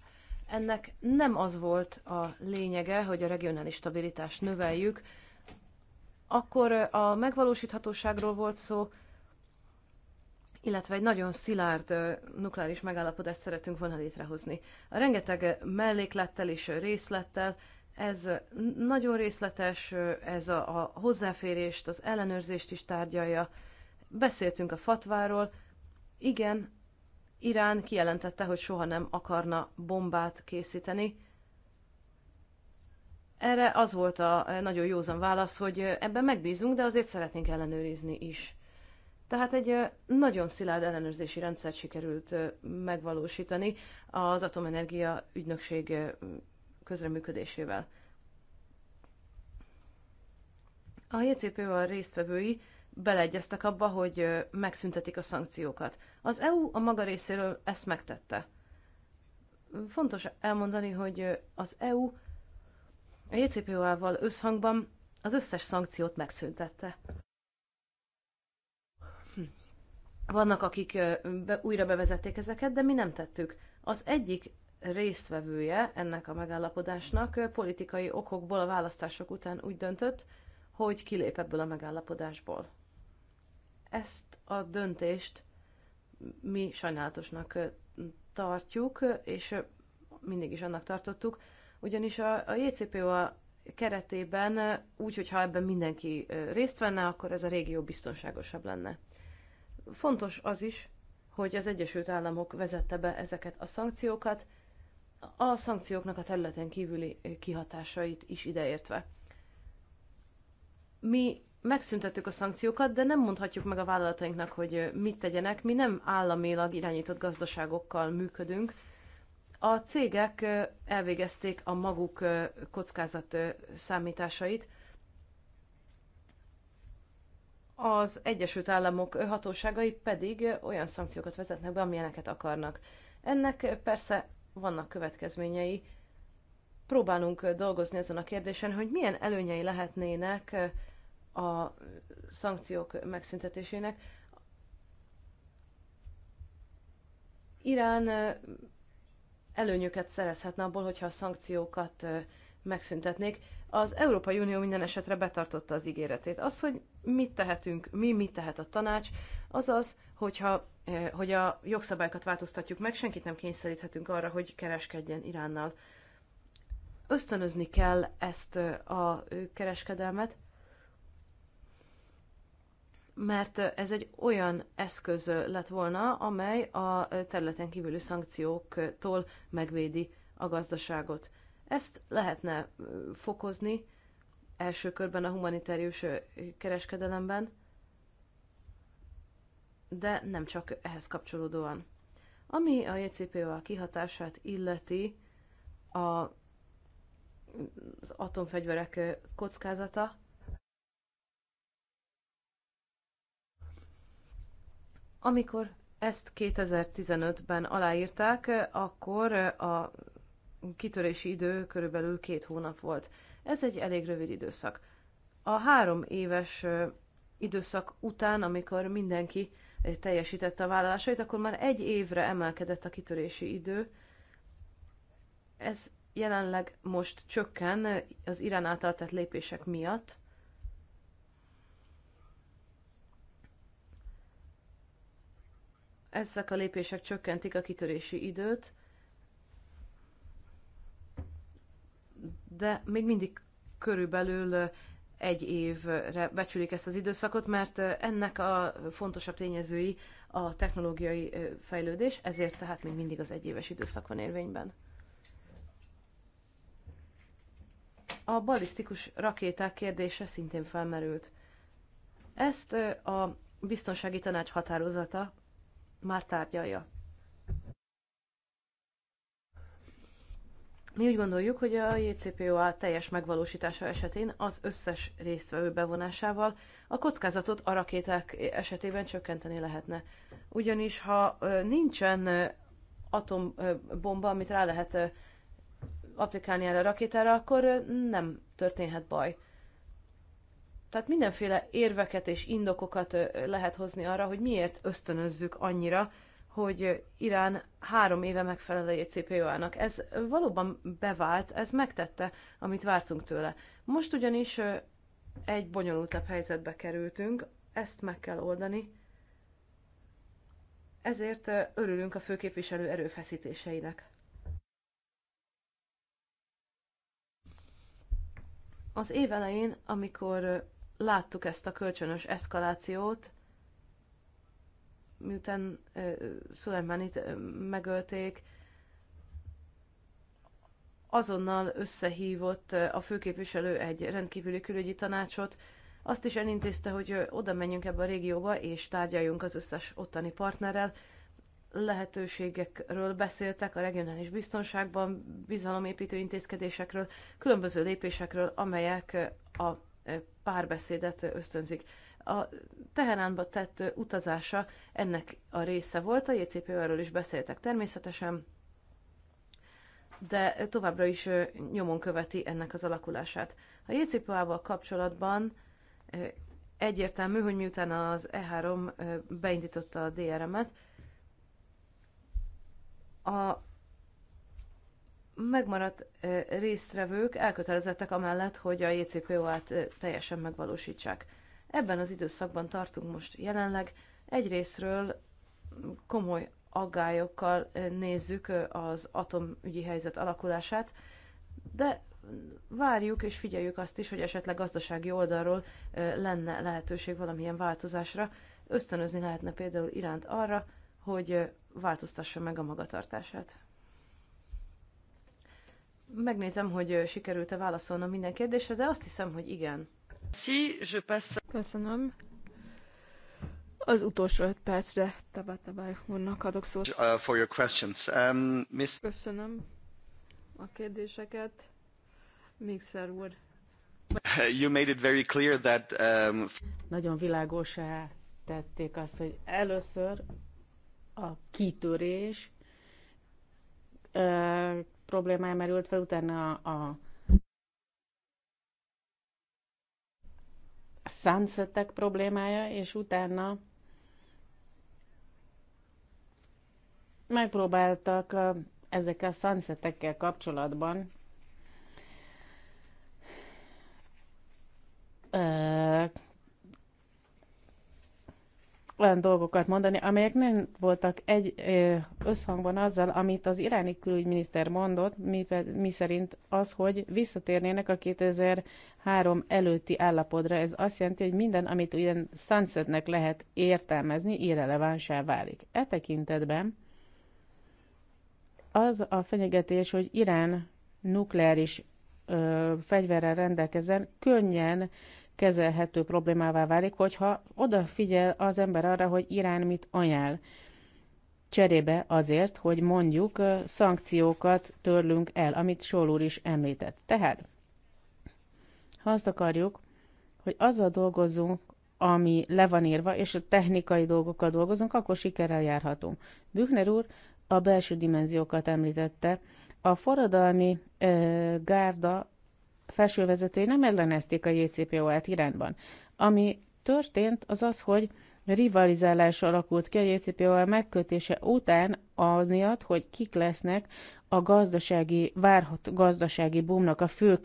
Ennek nem az volt a lényege, hogy a regionális stabilitást növeljük, akkor a megvalósíthatóságról volt szó, illetve egy nagyon szilárd nukleáris megállapodást szeretünk volna létrehozni. A rengeteg melléklettel és részlettel, ez nagyon részletes, ez a, a hozzáférést, az ellenőrzést is tárgyalja. Beszéltünk a fatváról, igen, Irán kijelentette, hogy soha nem akarna bombát készíteni. Erre az volt a nagyon józan válasz, hogy ebben megbízunk, de azért szeretnénk ellenőrizni is. Tehát egy nagyon szilárd ellenőrzési rendszert sikerült megvalósítani az Atomenergia Ügynökség közreműködésével. A JCP-val résztvevői beleegyeztek abba, hogy megszüntetik a szankciókat. Az EU a maga részéről ezt megtette. Fontos elmondani, hogy az EU a jcp val összhangban az összes szankciót megszüntette. Vannak, akik be, újra bevezették ezeket, de mi nem tettük. Az egyik résztvevője ennek a megállapodásnak politikai okokból a választások után úgy döntött, hogy kilép ebből a megállapodásból. Ezt a döntést mi sajnálatosnak tartjuk, és mindig is annak tartottuk, ugyanis a, a a keretében úgy, hogyha ebben mindenki részt venne, akkor ez a régió biztonságosabb lenne. Fontos az is, hogy az Egyesült Államok vezette be ezeket a szankciókat, a szankcióknak a területen kívüli eh, kihatásait is ideértve. Mi megszüntettük a szankciókat, de nem mondhatjuk meg a vállalatainknak, hogy eh, mit tegyenek. Mi nem államilag irányított gazdaságokkal működünk. A cégek eh, elvégezték a maguk kockázat számításait, az Egyesült Államok hatóságai pedig olyan szankciókat vezetnek be, amilyeneket akarnak. Ennek persze vannak következményei. Próbálunk dolgozni ezen a kérdésen, hogy milyen előnyei lehetnének a szankciók megszüntetésének. Irán előnyöket szerezhetne abból, hogyha a szankciókat megszüntetnék. Az Európai Unió minden esetre betartotta az ígéretét. Az, hogy mit tehetünk, mi mit tehet a tanács, az az, hogyha, eh, hogy a jogszabályokat változtatjuk meg, senkit nem kényszeríthetünk arra, hogy kereskedjen Iránnal. Ösztönözni kell ezt eh, a eh, kereskedelmet, mert ez egy olyan eszköz lett volna, amely a területen kívüli szankcióktól megvédi a gazdaságot. Ezt lehetne fokozni első körben a humanitárius kereskedelemben, de nem csak ehhez kapcsolódóan. Ami a JCPOA kihatását illeti, a, az atomfegyverek kockázata, amikor ezt 2015-ben aláírták, akkor a kitörési idő körülbelül két hónap volt. Ez egy elég rövid időszak. A három éves időszak után, amikor mindenki teljesítette a vállalásait, akkor már egy évre emelkedett a kitörési idő. Ez jelenleg most csökken az Irán által tett lépések miatt. Ezek a lépések csökkentik a kitörési időt, de még mindig körülbelül egy évre becsülik ezt az időszakot, mert ennek a fontosabb tényezői a technológiai fejlődés, ezért tehát még mindig az egyéves időszak van érvényben. A balisztikus rakéták kérdése szintén felmerült. Ezt a biztonsági tanács határozata már tárgyalja. Mi úgy gondoljuk, hogy a JCPOA teljes megvalósítása esetén az összes résztvevő bevonásával a kockázatot a rakéták esetében csökkenteni lehetne. Ugyanis ha nincsen atombomba, amit rá lehet applikálni erre a rakétára, akkor nem történhet baj. Tehát mindenféle érveket és indokokat lehet hozni arra, hogy miért ösztönözzük annyira hogy Irán három éve megfelel a JCPOA-nak. Ez valóban bevált, ez megtette, amit vártunk tőle. Most ugyanis egy bonyolultabb helyzetbe kerültünk, ezt meg kell oldani. Ezért örülünk a főképviselő erőfeszítéseinek. Az év elején, amikor láttuk ezt a kölcsönös eszkalációt, miután Szulajmánit megölték, azonnal összehívott a főképviselő egy rendkívüli külügyi tanácsot, azt is elintézte, hogy oda menjünk ebbe a régióba, és tárgyaljunk az összes ottani partnerrel. Lehetőségekről beszéltek a regionális biztonságban, bizalomépítő intézkedésekről, különböző lépésekről, amelyek a párbeszédet ösztönzik. A Teheránba tett utazása ennek a része volt, a JCPO-ról is beszéltek természetesen, de továbbra is nyomon követi ennek az alakulását. A JCPO-val kapcsolatban egyértelmű, hogy miután az E3 beindította a DRM-et, a megmaradt résztvevők elkötelezettek amellett, hogy a JCPO-át teljesen megvalósítsák. Ebben az időszakban tartunk most jelenleg. Egyrésztről komoly aggályokkal eh, nézzük eh, az atomügyi helyzet alakulását, de várjuk és figyeljük azt is, hogy esetleg gazdasági oldalról eh, lenne lehetőség valamilyen változásra. Ösztönözni lehetne például Iránt arra, hogy változtassa meg a magatartását. Megnézem, hogy sikerült-e válaszolnom minden kérdésre, de azt hiszem, hogy igen. Si, je passe... Köszönöm. Az utolsó öt percre Tabatabai úrnak adok szót. Uh, for your questions. Um, miss... Köszönöm a kérdéseket. Mixer úr. Uh, you made it very clear that... Um... Nagyon világosá tették azt, hogy először a kitörés uh, problémája merült fel, utána a, a a sunsetek problémája, és utána megpróbáltak a, ezekkel a sunsetekkel kapcsolatban olyan dolgokat mondani, amelyek nem voltak egy összhangban azzal, amit az iráni külügyminiszter mondott, mi, mi szerint az, hogy visszatérnének a 2003 előtti állapodra. Ez azt jelenti, hogy minden, amit ilyen sunsetnek lehet értelmezni, irrelevánsá válik. E tekintetben az a fenyegetés, hogy Irán nukleáris ö, fegyverrel rendelkezzen, könnyen kezelhető problémává válik, hogyha odafigyel az ember arra, hogy Irán mit ajánl cserébe azért, hogy mondjuk szankciókat törlünk el, amit Sol úr is említett. Tehát, ha azt akarjuk, hogy azzal dolgozzunk, ami le van írva, és a technikai dolgokkal dolgozunk, akkor sikerrel járhatunk. Büchner úr a belső dimenziókat említette. A forradalmi ö, gárda felső vezetői nem ellenezték a JCPOA-t Iránban. Ami történt, az az, hogy rivalizálás alakult ki a JCPOA megkötése után, amiatt, hogy kik lesznek a gazdasági, várhat gazdasági boomnak a fő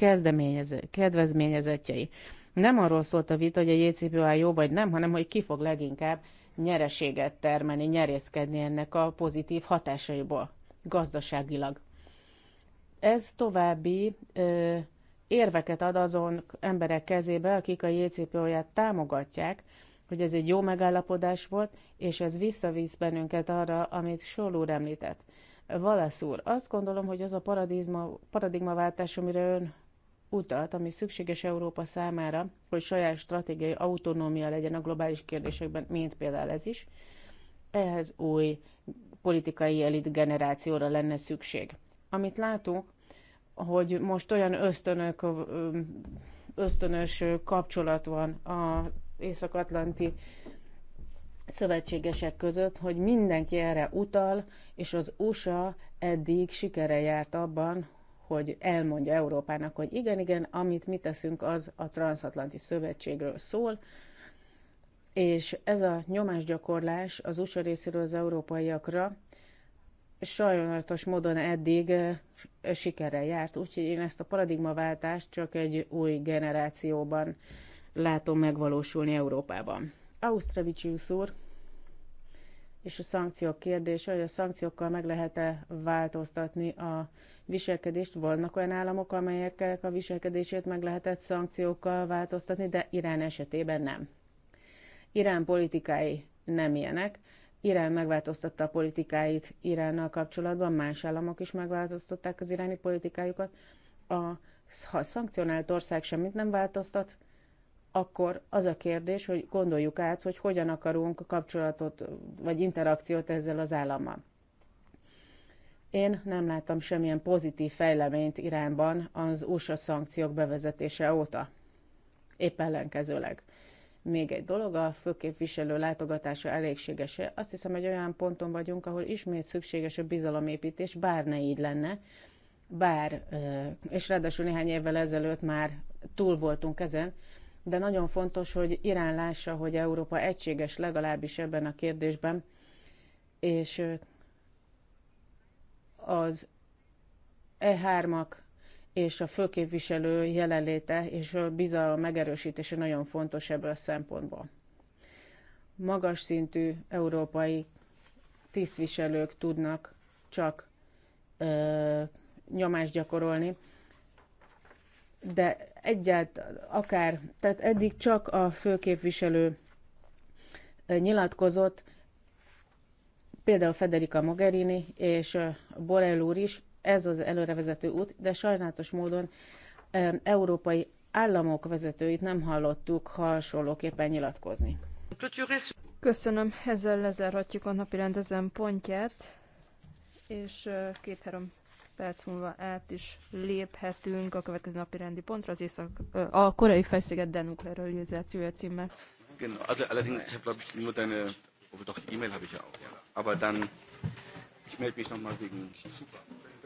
kedvezményezetjei. Nem arról szólt a vita, hogy a JCPOA jó vagy nem, hanem hogy ki fog leginkább nyereséget termelni, nyerészkedni ennek a pozitív hatásaiból gazdaságilag. Ez további ö, érveket ad azon emberek kezébe, akik a JCPO-ját támogatják, hogy ez egy jó megállapodás volt, és ez visszavisz bennünket arra, amit Sol úr említett. Valasz úr, azt gondolom, hogy az a paradigma, paradigmaváltás, amire ön utalt, ami szükséges Európa számára, hogy saját stratégiai autonómia legyen a globális kérdésekben, mint például ez is, ehhez új politikai elit generációra lenne szükség. Amit látunk, hogy most olyan ösztönök, ösztönös kapcsolat van az Észak-Atlanti szövetségesek között, hogy mindenki erre utal, és az USA eddig sikere járt abban, hogy elmondja Európának, hogy igen, igen, amit mi teszünk, az a transatlanti szövetségről szól, és ez a nyomásgyakorlás az USA részéről az európaiakra sajnálatos módon eddig sikerrel járt, úgyhogy én ezt a paradigmaváltást csak egy új generációban látom megvalósulni Európában. Ausztravicius úr, és a szankciók kérdése, hogy a szankciókkal meg lehet-e változtatni a viselkedést. Vannak olyan államok, amelyekkel a viselkedését meg lehetett szankciókkal változtatni, de Irán esetében nem. Irán politikái nem ilyenek, Irán megváltoztatta a politikáit Iránnal kapcsolatban, más államok is megváltoztatták az iráni politikájukat. A, ha a szankcionált ország semmit nem változtat, akkor az a kérdés, hogy gondoljuk át, hogy hogyan akarunk kapcsolatot vagy interakciót ezzel az állammal. Én nem láttam semmilyen pozitív fejleményt Iránban az USA szankciók bevezetése óta. Épp ellenkezőleg. Még egy dolog, a főképviselő látogatása elégséges -e? Azt hiszem, hogy olyan ponton vagyunk, ahol ismét szükséges a bizalomépítés, bár ne így lenne, bár, és ráadásul néhány évvel ezelőtt már túl voltunk ezen, de nagyon fontos, hogy Irán lássa, hogy Európa egységes legalábbis ebben a kérdésben, és az E3-ak és a főképviselő jelenléte és a bizalom megerősítése nagyon fontos ebből a szempontból. Magas szintű európai tisztviselők tudnak csak ö, nyomást gyakorolni, de egyált, akár, tehát eddig csak a főképviselő nyilatkozott, például Federica Mogherini és Borrell úr is, ez az előrevezető út, de sajnálatos módon európai államok vezetőit nem hallottuk hasonlóképpen nyilatkozni. Köszönöm, ezzel lezárhatjuk a napi rendezem pontját, és két-három perc múlva át is léphetünk a következő napi rendi pontra, az észak, a koreai felsziget denuklearizációja címmel. Genau, also aber dann, ich melde mich nochmal wegen Super.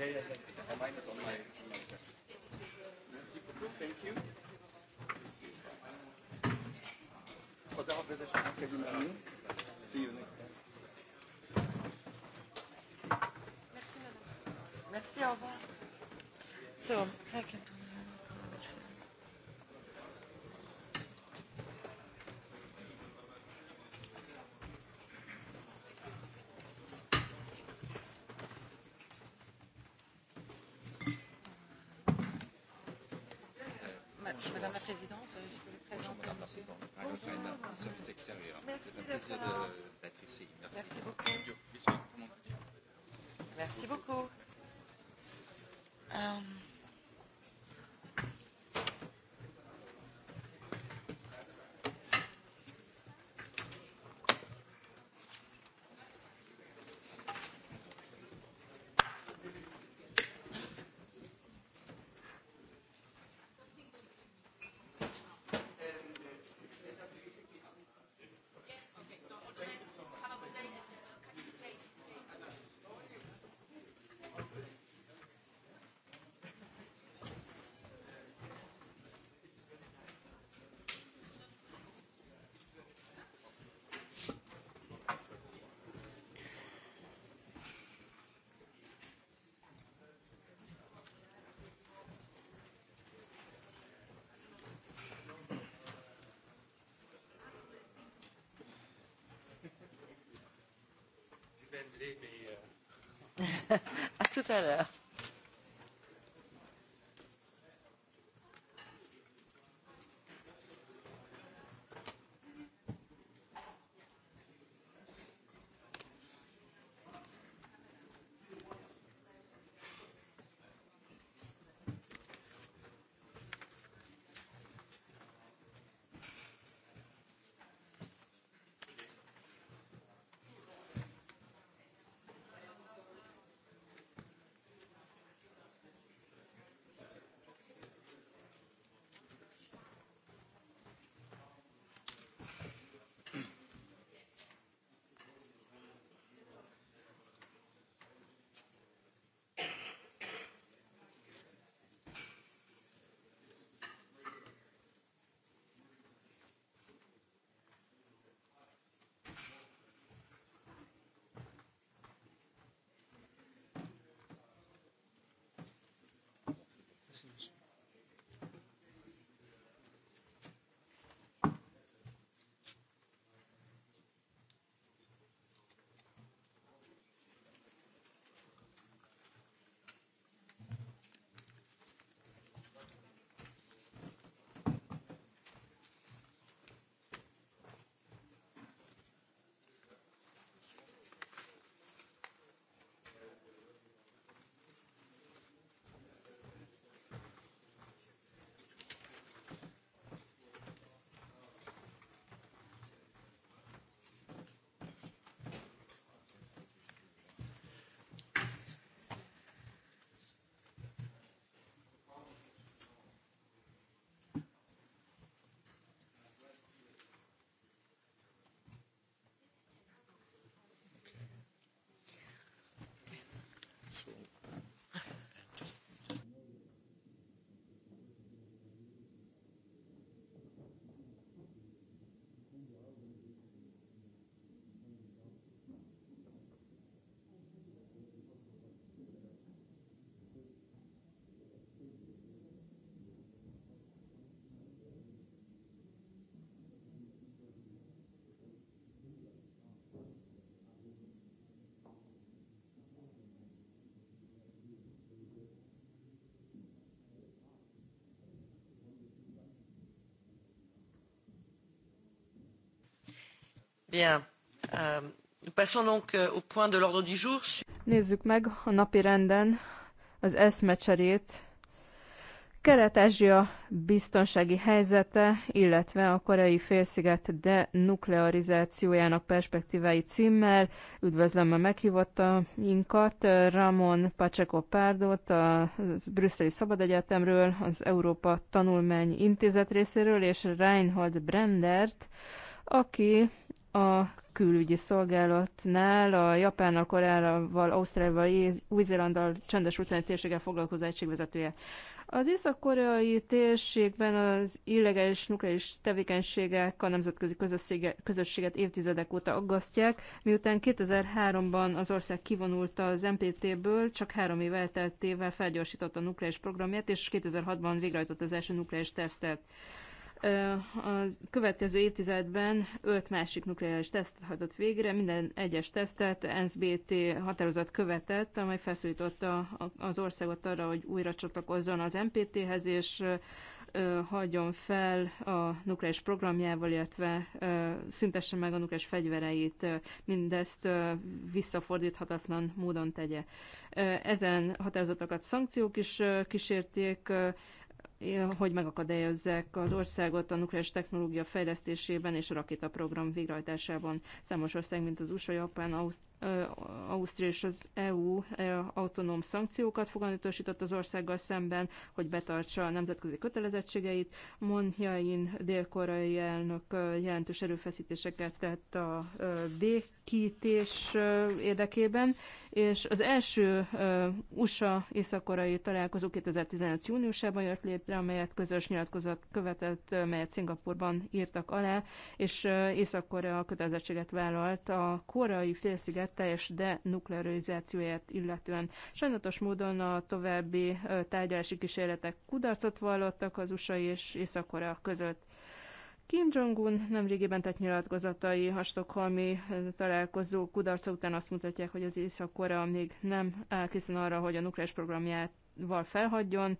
Yeah, yeah, thank you. I mind it on my, on my question. Merci beaucoup. Thank you. Az a vezetésnek kerül menni. See you next time. Merci, madame. Merci, au revoir. So, thank you. À tout à l'heure. Köszönöm. Nézzük meg a napi renden az eszmecserét. Kelet-Ázsia biztonsági helyzete, illetve a koreai félsziget denuklearizációjának perspektívái címmel. Üdvözlöm a meghívottainkat, Ramon Pacheco Párdot, a Brüsszeli Szabad Egyetemről, az Európa Tanulmány Intézet részéről, és Reinhold Brendert, aki a külügyi szolgálatnál a Japánnal, Koreával, Ausztráliával, Új-Zélandal, Csendes utcáni térséggel foglalkozó egységvezetője. Az észak-koreai térségben az illegális nukleáris tevékenységek a nemzetközi közösséget évtizedek óta aggasztják, miután 2003-ban az ország kivonult az mpt ből csak három év elteltével felgyorsította a nukleáris programját, és 2006-ban végrehajtott az első nukleáris tesztet a következő évtizedben öt másik nukleáris tesztet hajtott végre, minden egyes tesztet NSBT határozat követett, amely feszültotta az országot arra, hogy újra csatlakozzon az NPT-hez, és hagyjon fel a nukleáris programjával, illetve szüntesse meg a nukleáris fegyvereit, mindezt visszafordíthatatlan módon tegye. Ezen határozatokat szankciók is kísérték, hogy megakadályozzák az országot a nukleáris technológia fejlesztésében és a rakétaprogram végrehajtásában. Számos ország, mint az USA, Japán, Ausztria, Ausztria és az EU autonóm szankciókat foganatosított az országgal szemben, hogy betartsa a nemzetközi kötelezettségeit. Monjain Jain dél-koreai elnök jelentős erőfeszítéseket tett a békítés érdekében, és az első USA-észak-koreai találkozó 2018. júniusában jött létre, amelyet közös nyilatkozat követett, melyet Szingapurban írtak alá, és Észak-Korea kötelezettséget vállalt a koreai félsziget terület teljes denuklearizációját illetően. Sajnálatos módon a további tárgyalási kísérletek kudarcot vallottak az USA és Észak-Korea között. Kim Jong-un nemrégiben tett nyilatkozatai a stokholmi találkozó kudarca után azt mutatják, hogy az Észak-Korea még nem áll készen arra, hogy a nukleáris programjával felhagyjon.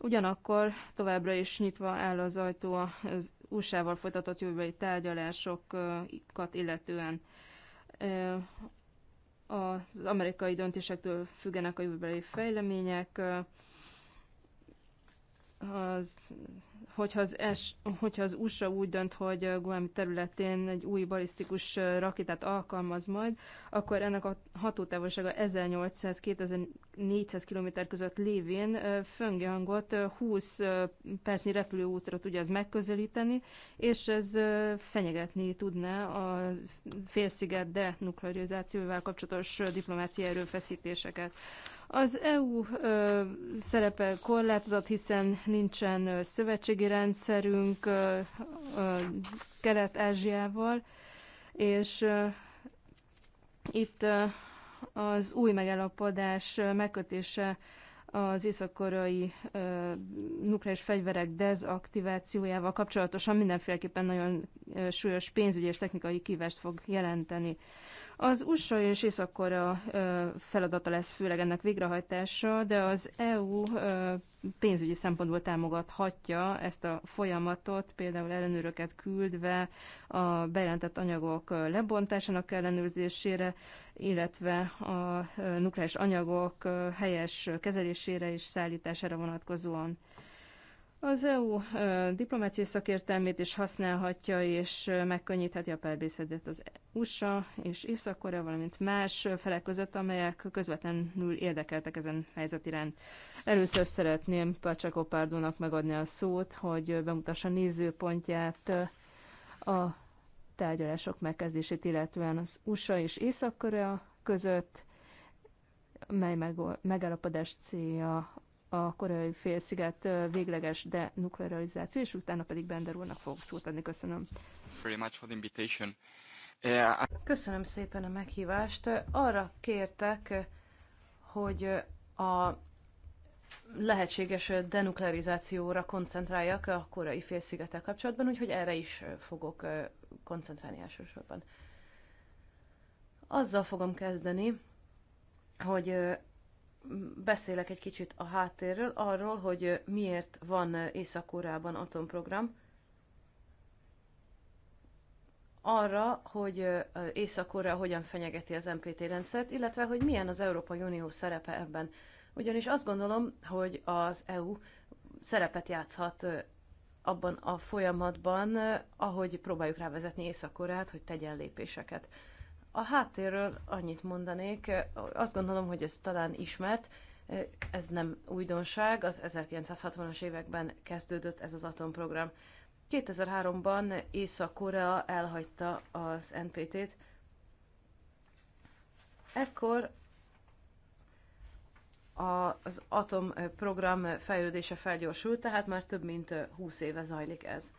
Ugyanakkor továbbra is nyitva áll az ajtó az USA-val folytatott jövőbeli tárgyalásokat illetően az amerikai döntésektől függenek a jövőbeli fejlemények, az, hogyha, az es, hogyha az USA úgy dönt, hogy Guam területén egy új balisztikus rakétát alkalmaz majd, akkor ennek a hatótávolsága 1800-2400 km között lévén Föngjangot 20 percnyi repülőútra tudja ez megközelíteni, és ez fenyegetni tudná a félsziget denuklearizációval kapcsolatos diplomáciai erőfeszítéseket. Az EU ö, szerepe korlátozott, hiszen nincsen ö, szövetségi rendszerünk Kelet-Ázsiával, és ö, itt ö, az új megállapodás megkötése az iszakorai nukleáris fegyverek dezaktivációjával kapcsolatosan mindenféleképpen nagyon ö, súlyos pénzügyi és technikai kívást fog jelenteni. Az USA és Észak-Korea feladata lesz főleg ennek végrehajtása, de az EU pénzügyi szempontból támogathatja ezt a folyamatot, például ellenőröket küldve a bejelentett anyagok lebontásának ellenőrzésére, illetve a nukleáris anyagok helyes kezelésére és szállítására vonatkozóan. Az EU diplomáciai szakértelmét is használhatja, és megkönnyítheti a párbeszédet az USA és észak valamint más felek között, amelyek közvetlenül érdekeltek ezen helyzet iránt. Először szeretném Pacsakó Párdónak megadni a szót, hogy bemutassa nézőpontját a tárgyalások megkezdését, illetően az USA és észak között, mely megállapodás célja a koreai félsziget végleges denuklearizáció, és utána pedig Bender úrnak fogok szót adni. Köszönöm. Eh, Köszönöm szépen a meghívást. Arra kértek, hogy a lehetséges denuklearizációra koncentráljak a korai félszigetek kapcsolatban, úgyhogy erre is fogok koncentrálni elsősorban. Azzal fogom kezdeni, hogy beszélek egy kicsit a háttérről, arról, hogy miért van Észak-Koreában atomprogram, arra, hogy Észak-Korea hogyan fenyegeti az MPT rendszert, illetve hogy milyen az Európai Unió szerepe ebben. Ugyanis azt gondolom, hogy az EU szerepet játszhat abban a folyamatban, ahogy próbáljuk rávezetni Észak-Koreát, hogy tegyen lépéseket. A háttérről annyit mondanék, azt gondolom, hogy ez talán ismert, ez nem újdonság, az 1960-as években kezdődött ez az atomprogram. 2003-ban Észak-Korea elhagyta az NPT-t. Ekkor az atomprogram fejlődése felgyorsult, tehát már több mint 20 éve zajlik ez.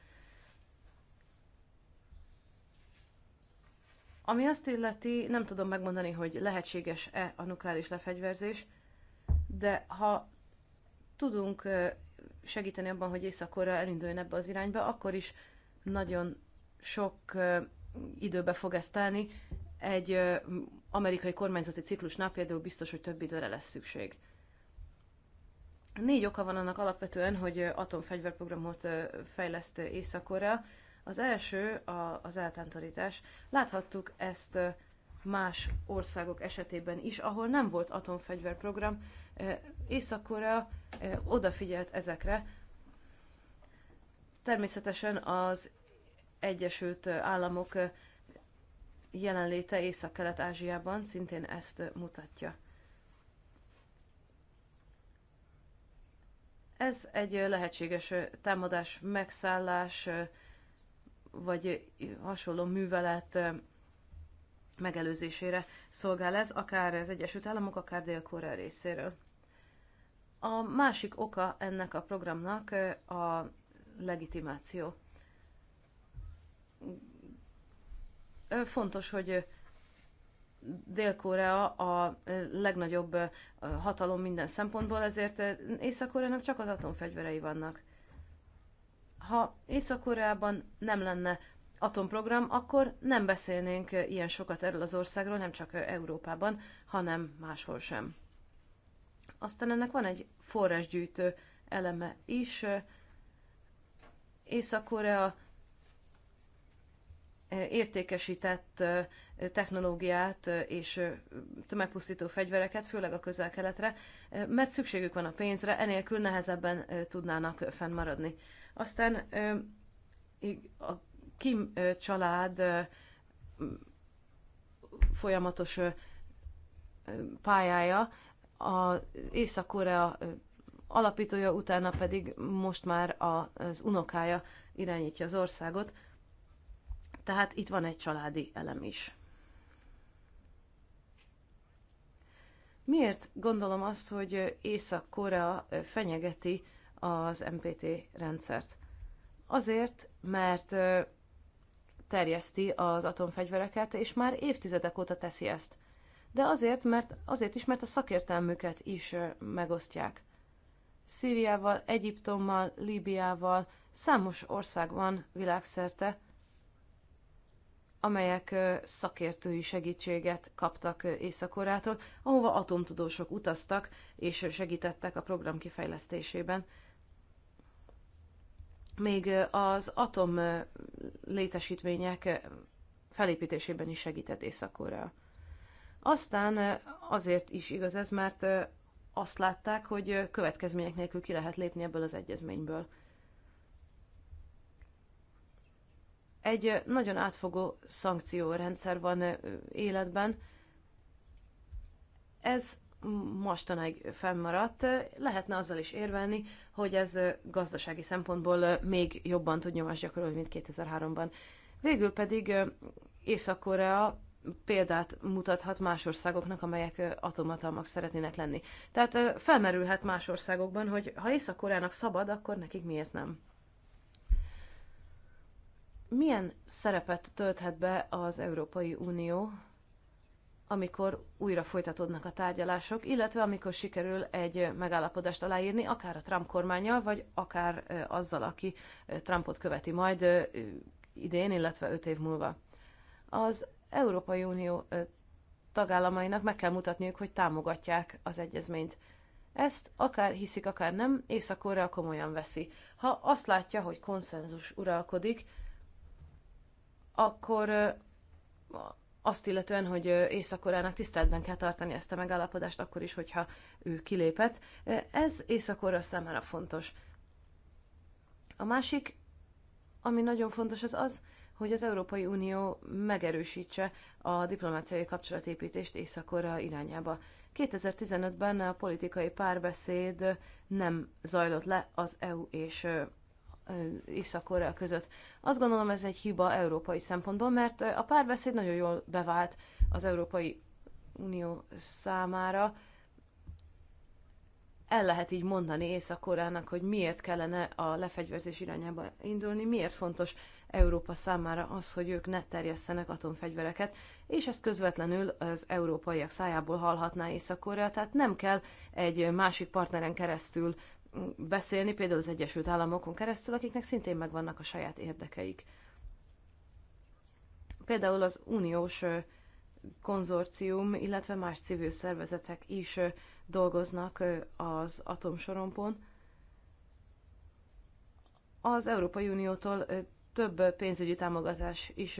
Ami azt illeti, nem tudom megmondani, hogy lehetséges-e a nukleáris lefegyverzés, de ha tudunk segíteni abban, hogy észak elinduljon ebbe az irányba, akkor is nagyon sok időbe fog ezt állni. Egy amerikai kormányzati ciklusnál például biztos, hogy több időre lesz szükség. Négy oka van annak alapvetően, hogy atomfegyverprogramot fejleszt észak -Korea. Az első a, az eltántorítás. Láthattuk ezt más országok esetében is, ahol nem volt atomfegyverprogram. Észak-Korea odafigyelt ezekre. Természetesen az Egyesült Államok jelenléte Észak-Kelet-Ázsiában szintén ezt mutatja. Ez egy lehetséges támadás, megszállás, vagy hasonló művelet megelőzésére szolgál ez, akár az Egyesült Államok, akár Dél-Korea részéről. A másik oka ennek a programnak a legitimáció. Fontos, hogy Dél-Korea a legnagyobb hatalom minden szempontból, ezért Észak-Koreának csak az atomfegyverei vannak. Ha Észak-Koreában nem lenne atomprogram, akkor nem beszélnénk eh, ilyen sokat erről az országról, nem csak eh, Európában, hanem máshol sem. Aztán ennek van egy forrásgyűjtő eleme is. Eh, Észak-Korea értékesített technológiát és tömegpusztító fegyvereket, főleg a közel-keletre, mert szükségük van a pénzre, enélkül nehezebben tudnának fennmaradni. Aztán a Kim család folyamatos pályája, az Észak-Korea alapítója, utána pedig most már az unokája irányítja az országot. Tehát itt van egy családi elem is. Miért gondolom azt, hogy Észak-Korea fenyegeti az MPT rendszert. Azért, mert terjeszti az atomfegyvereket, és már évtizedek óta teszi ezt. De azért, mert, azért is, mert a szakértelmüket is megosztják. Szíriával, Egyiptommal, Líbiával, számos ország van világszerte, amelyek szakértői segítséget kaptak Észak-Korától, ahova atomtudósok utaztak és segítettek a program kifejlesztésében még az atom létesítmények felépítésében is segített észak Aztán azért is igaz ez, mert azt látták, hogy következmények nélkül ki lehet lépni ebből az egyezményből. Egy nagyon átfogó szankciórendszer van életben. Ez mostanáig fennmaradt, lehetne azzal is érvelni, hogy ez gazdasági szempontból még jobban tud nyomást gyakorolni, mint 2003-ban. Végül pedig Észak-Korea példát mutathat más országoknak, amelyek atomatalmak szeretnének lenni. Tehát felmerülhet más országokban, hogy ha Észak-Koreának szabad, akkor nekik miért nem? Milyen szerepet tölthet be az Európai Unió amikor újra folytatódnak a tárgyalások, illetve amikor sikerül egy megállapodást aláírni, akár a Trump kormányjal, vagy akár azzal, aki Trumpot követi majd idén, illetve öt év múlva. Az Európai Unió tagállamainak meg kell mutatniuk, hogy támogatják az egyezményt. Ezt akár hiszik, akár nem, Észak-Korea komolyan veszi. Ha azt látja, hogy konszenzus uralkodik, akkor azt illetően, hogy Észak-Koreának tiszteletben kell tartani ezt a megállapodást, akkor is, hogyha ő kilépett. Ez észak számára fontos. A másik, ami nagyon fontos, az az, hogy az Európai Unió megerősítse a diplomáciai kapcsolatépítést észak irányába. 2015-ben a politikai párbeszéd nem zajlott le az EU és Észak-Korea között. Azt gondolom ez egy hiba európai szempontból, mert a párbeszéd nagyon jól bevált az Európai Unió számára. El lehet így mondani Észak-Koreának, hogy miért kellene a lefegyverzés irányába indulni, miért fontos Európa számára az, hogy ők ne terjesszenek atomfegyvereket, és ezt közvetlenül az európaiak szájából hallhatná Észak-Korea, tehát nem kell egy másik partneren keresztül beszélni, például az Egyesült Államokon keresztül, akiknek szintén megvannak a saját érdekeik. Például az uniós konzorcium, illetve más civil szervezetek is dolgoznak az atomsorompon. Az Európai Uniótól több pénzügyi támogatás is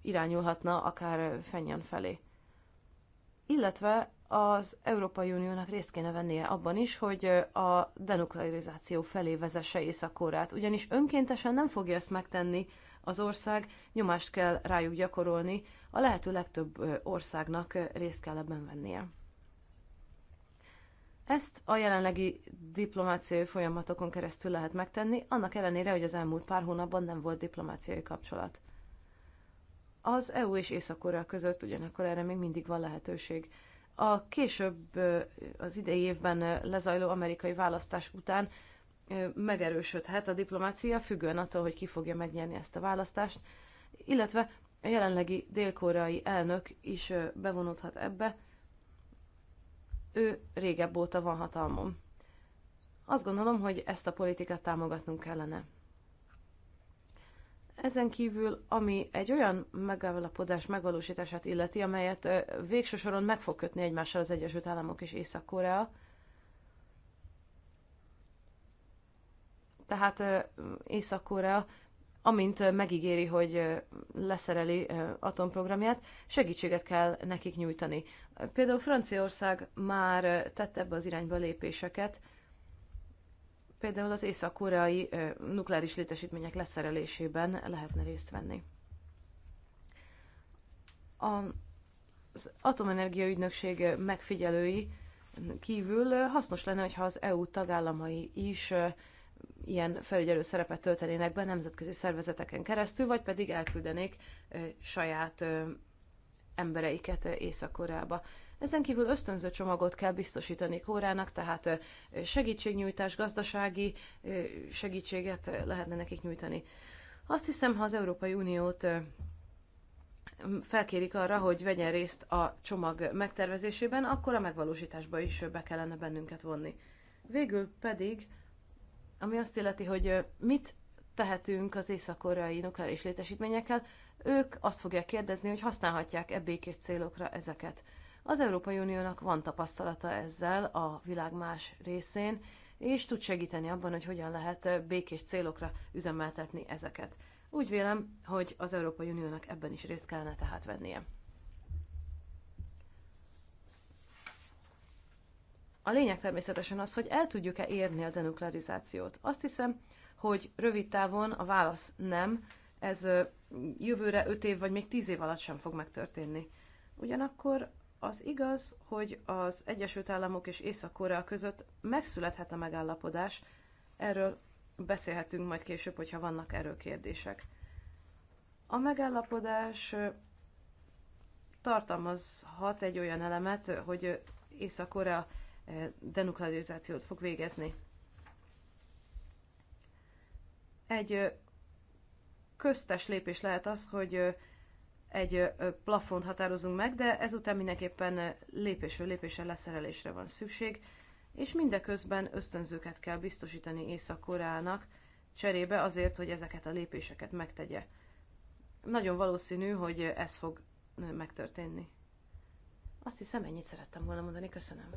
irányulhatna akár fenyen felé. Illetve az Európai Uniónak részt kéne vennie abban is, hogy a denuklearizáció felé vezesse Észak-Koreát, ugyanis önkéntesen nem fogja ezt megtenni az ország, nyomást kell rájuk gyakorolni, a lehető legtöbb országnak részt kell ebben vennie. Ezt a jelenlegi diplomáciai folyamatokon keresztül lehet megtenni, annak ellenére, hogy az elmúlt pár hónapban nem volt diplomáciai kapcsolat. Az EU és észak között ugyanakkor erre még mindig van lehetőség. A később az idei évben lezajló amerikai választás után megerősödhet a diplomácia, függően attól, hogy ki fogja megnyerni ezt a választást, illetve a jelenlegi dél-koreai elnök is bevonódhat ebbe. Ő régebb óta van hatalmon. Azt gondolom, hogy ezt a politikát támogatnunk kellene. Ezen kívül, ami egy olyan megállapodás megvalósítását illeti, amelyet végső soron meg fog kötni egymással az Egyesült Államok és Észak-Korea, tehát Észak-Korea, amint megígéri, hogy leszereli atomprogramját, segítséget kell nekik nyújtani. Például Franciaország már tette ebbe az irányba lépéseket, például az észak-koreai nukleáris létesítmények leszerelésében lehetne részt venni. Az Atomenergia Ügynökség megfigyelői kívül hasznos lenne, hogyha az EU tagállamai is ilyen felügyelő szerepet töltenének be nemzetközi szervezeteken keresztül, vagy pedig elküldenék saját embereiket Észak-Koreába. Ezen kívül ösztönző csomagot kell biztosítani Kórának, tehát segítségnyújtás, gazdasági segítséget lehetne nekik nyújtani. Azt hiszem, ha az Európai Uniót felkérik arra, hogy vegyen részt a csomag megtervezésében, akkor a megvalósításba is be kellene bennünket vonni. Végül pedig, ami azt illeti, hogy mit tehetünk az észak-koreai nukleáris létesítményekkel, ők azt fogják kérdezni, hogy használhatják-e békés célokra ezeket. Az Európai Uniónak van tapasztalata ezzel a világ más részén, és tud segíteni abban, hogy hogyan lehet békés célokra üzemeltetni ezeket. Úgy vélem, hogy az Európai Uniónak ebben is részt kellene tehát vennie. A lényeg természetesen az, hogy el tudjuk-e érni a denuklearizációt. Azt hiszem, hogy rövid távon a válasz nem, ez jövőre 5 év vagy még 10 év alatt sem fog megtörténni. Ugyanakkor az igaz, hogy az Egyesült Államok és Észak-Korea között megszülethet a megállapodás, erről beszélhetünk majd később, hogyha vannak erről kérdések. A megállapodás tartalmazhat egy olyan elemet, hogy Észak-Korea denuklearizációt fog végezni. Egy köztes lépés lehet az, hogy egy plafont határozunk meg, de ezután mindenképpen lépésről lépésre leszerelésre van szükség, és mindeközben ösztönzőket kell biztosítani Észak-Koreának cserébe azért, hogy ezeket a lépéseket megtegye. Nagyon valószínű, hogy ez fog megtörténni. Azt hiszem, ennyit szerettem volna mondani. Köszönöm.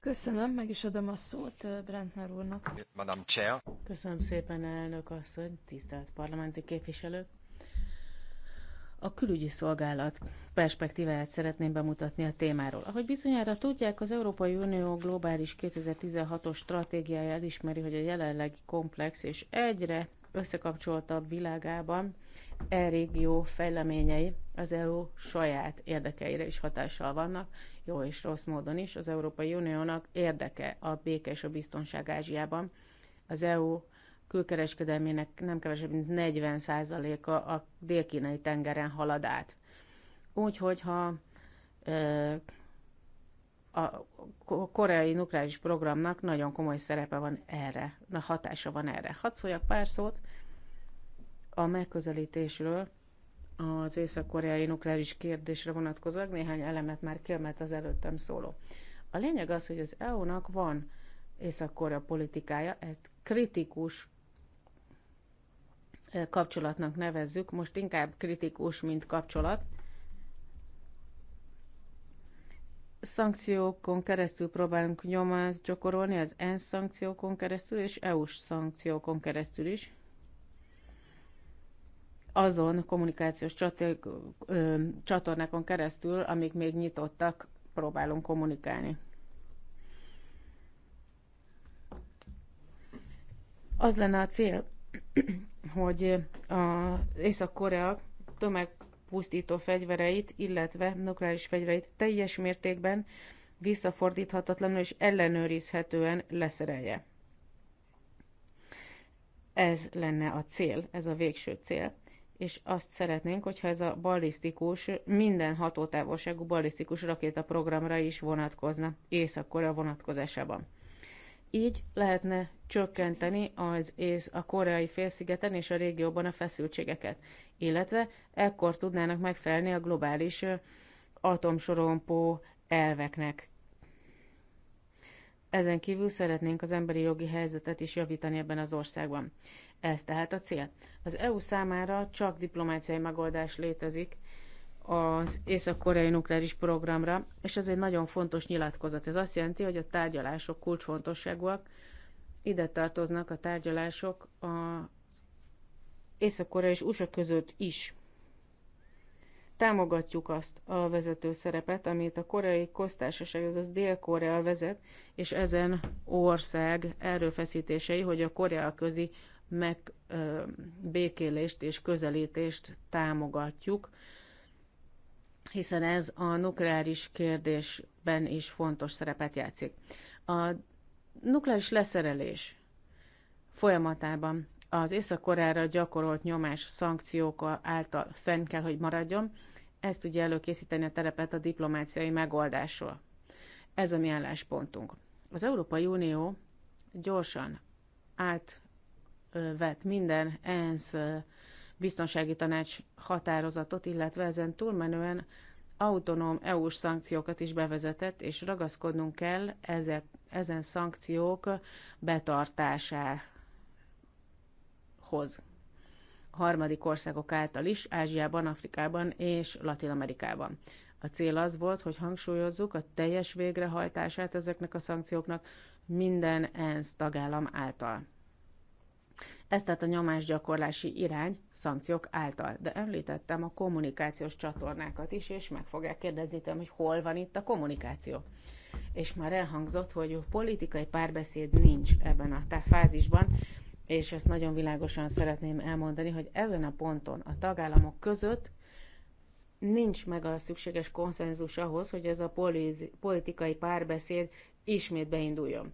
Köszönöm, meg is adom a szót Brentner úrnak. Madame Chair. Köszönöm szépen, elnök asszony, tisztelt parlamenti képviselők a külügyi szolgálat perspektíváját szeretném bemutatni a témáról. Ahogy bizonyára tudják, az Európai Unió globális 2016-os stratégiája elismeri, hogy a jelenlegi komplex és egyre összekapcsoltabb világában e régió fejleményei az EU saját érdekeire is hatással vannak, jó és rossz módon is. Az Európai Uniónak érdeke a béke és a biztonság Ázsiában. Az EU külkereskedelmének nem kevesebb, mint 40%-a a dél-kínai tengeren halad át. Úgyhogy ha a koreai nukleáris programnak nagyon komoly szerepe van erre, na hatása van erre. Hadd szóljak pár szót a megközelítésről, az észak-koreai nukleáris kérdésre vonatkozóak, néhány elemet már kiemelt az előttem szóló. A lényeg az, hogy az EU-nak van Észak-Korea politikája, ezt kritikus kapcsolatnak nevezzük, most inkább kritikus, mint kapcsolat. Szankciókon keresztül próbálunk nyomást gyakorolni, az ENSZ szankciókon keresztül és EU-s szankciókon keresztül is. Azon kommunikációs csatornákon keresztül, amik még nyitottak, próbálunk kommunikálni. Az lenne a cél, hogy az Észak-Korea tömegpusztító fegyvereit, illetve nukleáris fegyvereit teljes mértékben visszafordíthatatlanul és ellenőrizhetően leszerelje. Ez lenne a cél, ez a végső cél, és azt szeretnénk, hogyha ez a ballisztikus, minden hatótávolságú ballisztikus rakétaprogramra is vonatkozna, észak vonatkozásában. Így lehetne csökkenteni az ész a koreai félszigeten és a régióban a feszültségeket, illetve ekkor tudnának megfelelni a globális atomsorompó elveknek. Ezen kívül szeretnénk az emberi jogi helyzetet is javítani ebben az országban. Ez tehát a cél. Az EU számára csak diplomáciai megoldás létezik az észak-koreai nukleáris programra, és ez egy nagyon fontos nyilatkozat. Ez azt jelenti, hogy a tárgyalások kulcsfontosságúak, ide tartoznak a tárgyalások az észak koreai és USA között is. Támogatjuk azt a vezető szerepet, amit a koreai köztársaság, azaz Dél-Korea vezet, és ezen ország erőfeszítései, hogy a korea közi megbékélést és közelítést támogatjuk hiszen ez a nukleáris kérdésben is fontos szerepet játszik. A nukleáris leszerelés folyamatában az Észak-Koreára gyakorolt nyomás szankciók által fenn kell, hogy maradjon, ez tudja előkészíteni a terepet a diplomáciai megoldásról. Ez a mi álláspontunk. Az Európai Unió gyorsan átvett minden ENSZ biztonsági tanács határozatot, illetve ezen túlmenően autonóm EU-s szankciókat is bevezetett, és ragaszkodnunk kell ezek, ezen szankciók betartásához. Harmadik országok által is, Ázsiában, Afrikában és Latin-Amerikában. A cél az volt, hogy hangsúlyozzuk a teljes végrehajtását ezeknek a szankcióknak minden ENSZ tagállam által. Ez tehát a nyomásgyakorlási irány szankciók által. De említettem a kommunikációs csatornákat is, és meg fogják kérdezni tőlem, hogy hol van itt a kommunikáció. És már elhangzott, hogy politikai párbeszéd nincs ebben a fázisban, és ezt nagyon világosan szeretném elmondani, hogy ezen a ponton a tagállamok között nincs meg a szükséges konszenzus ahhoz, hogy ez a politikai párbeszéd ismét beinduljon.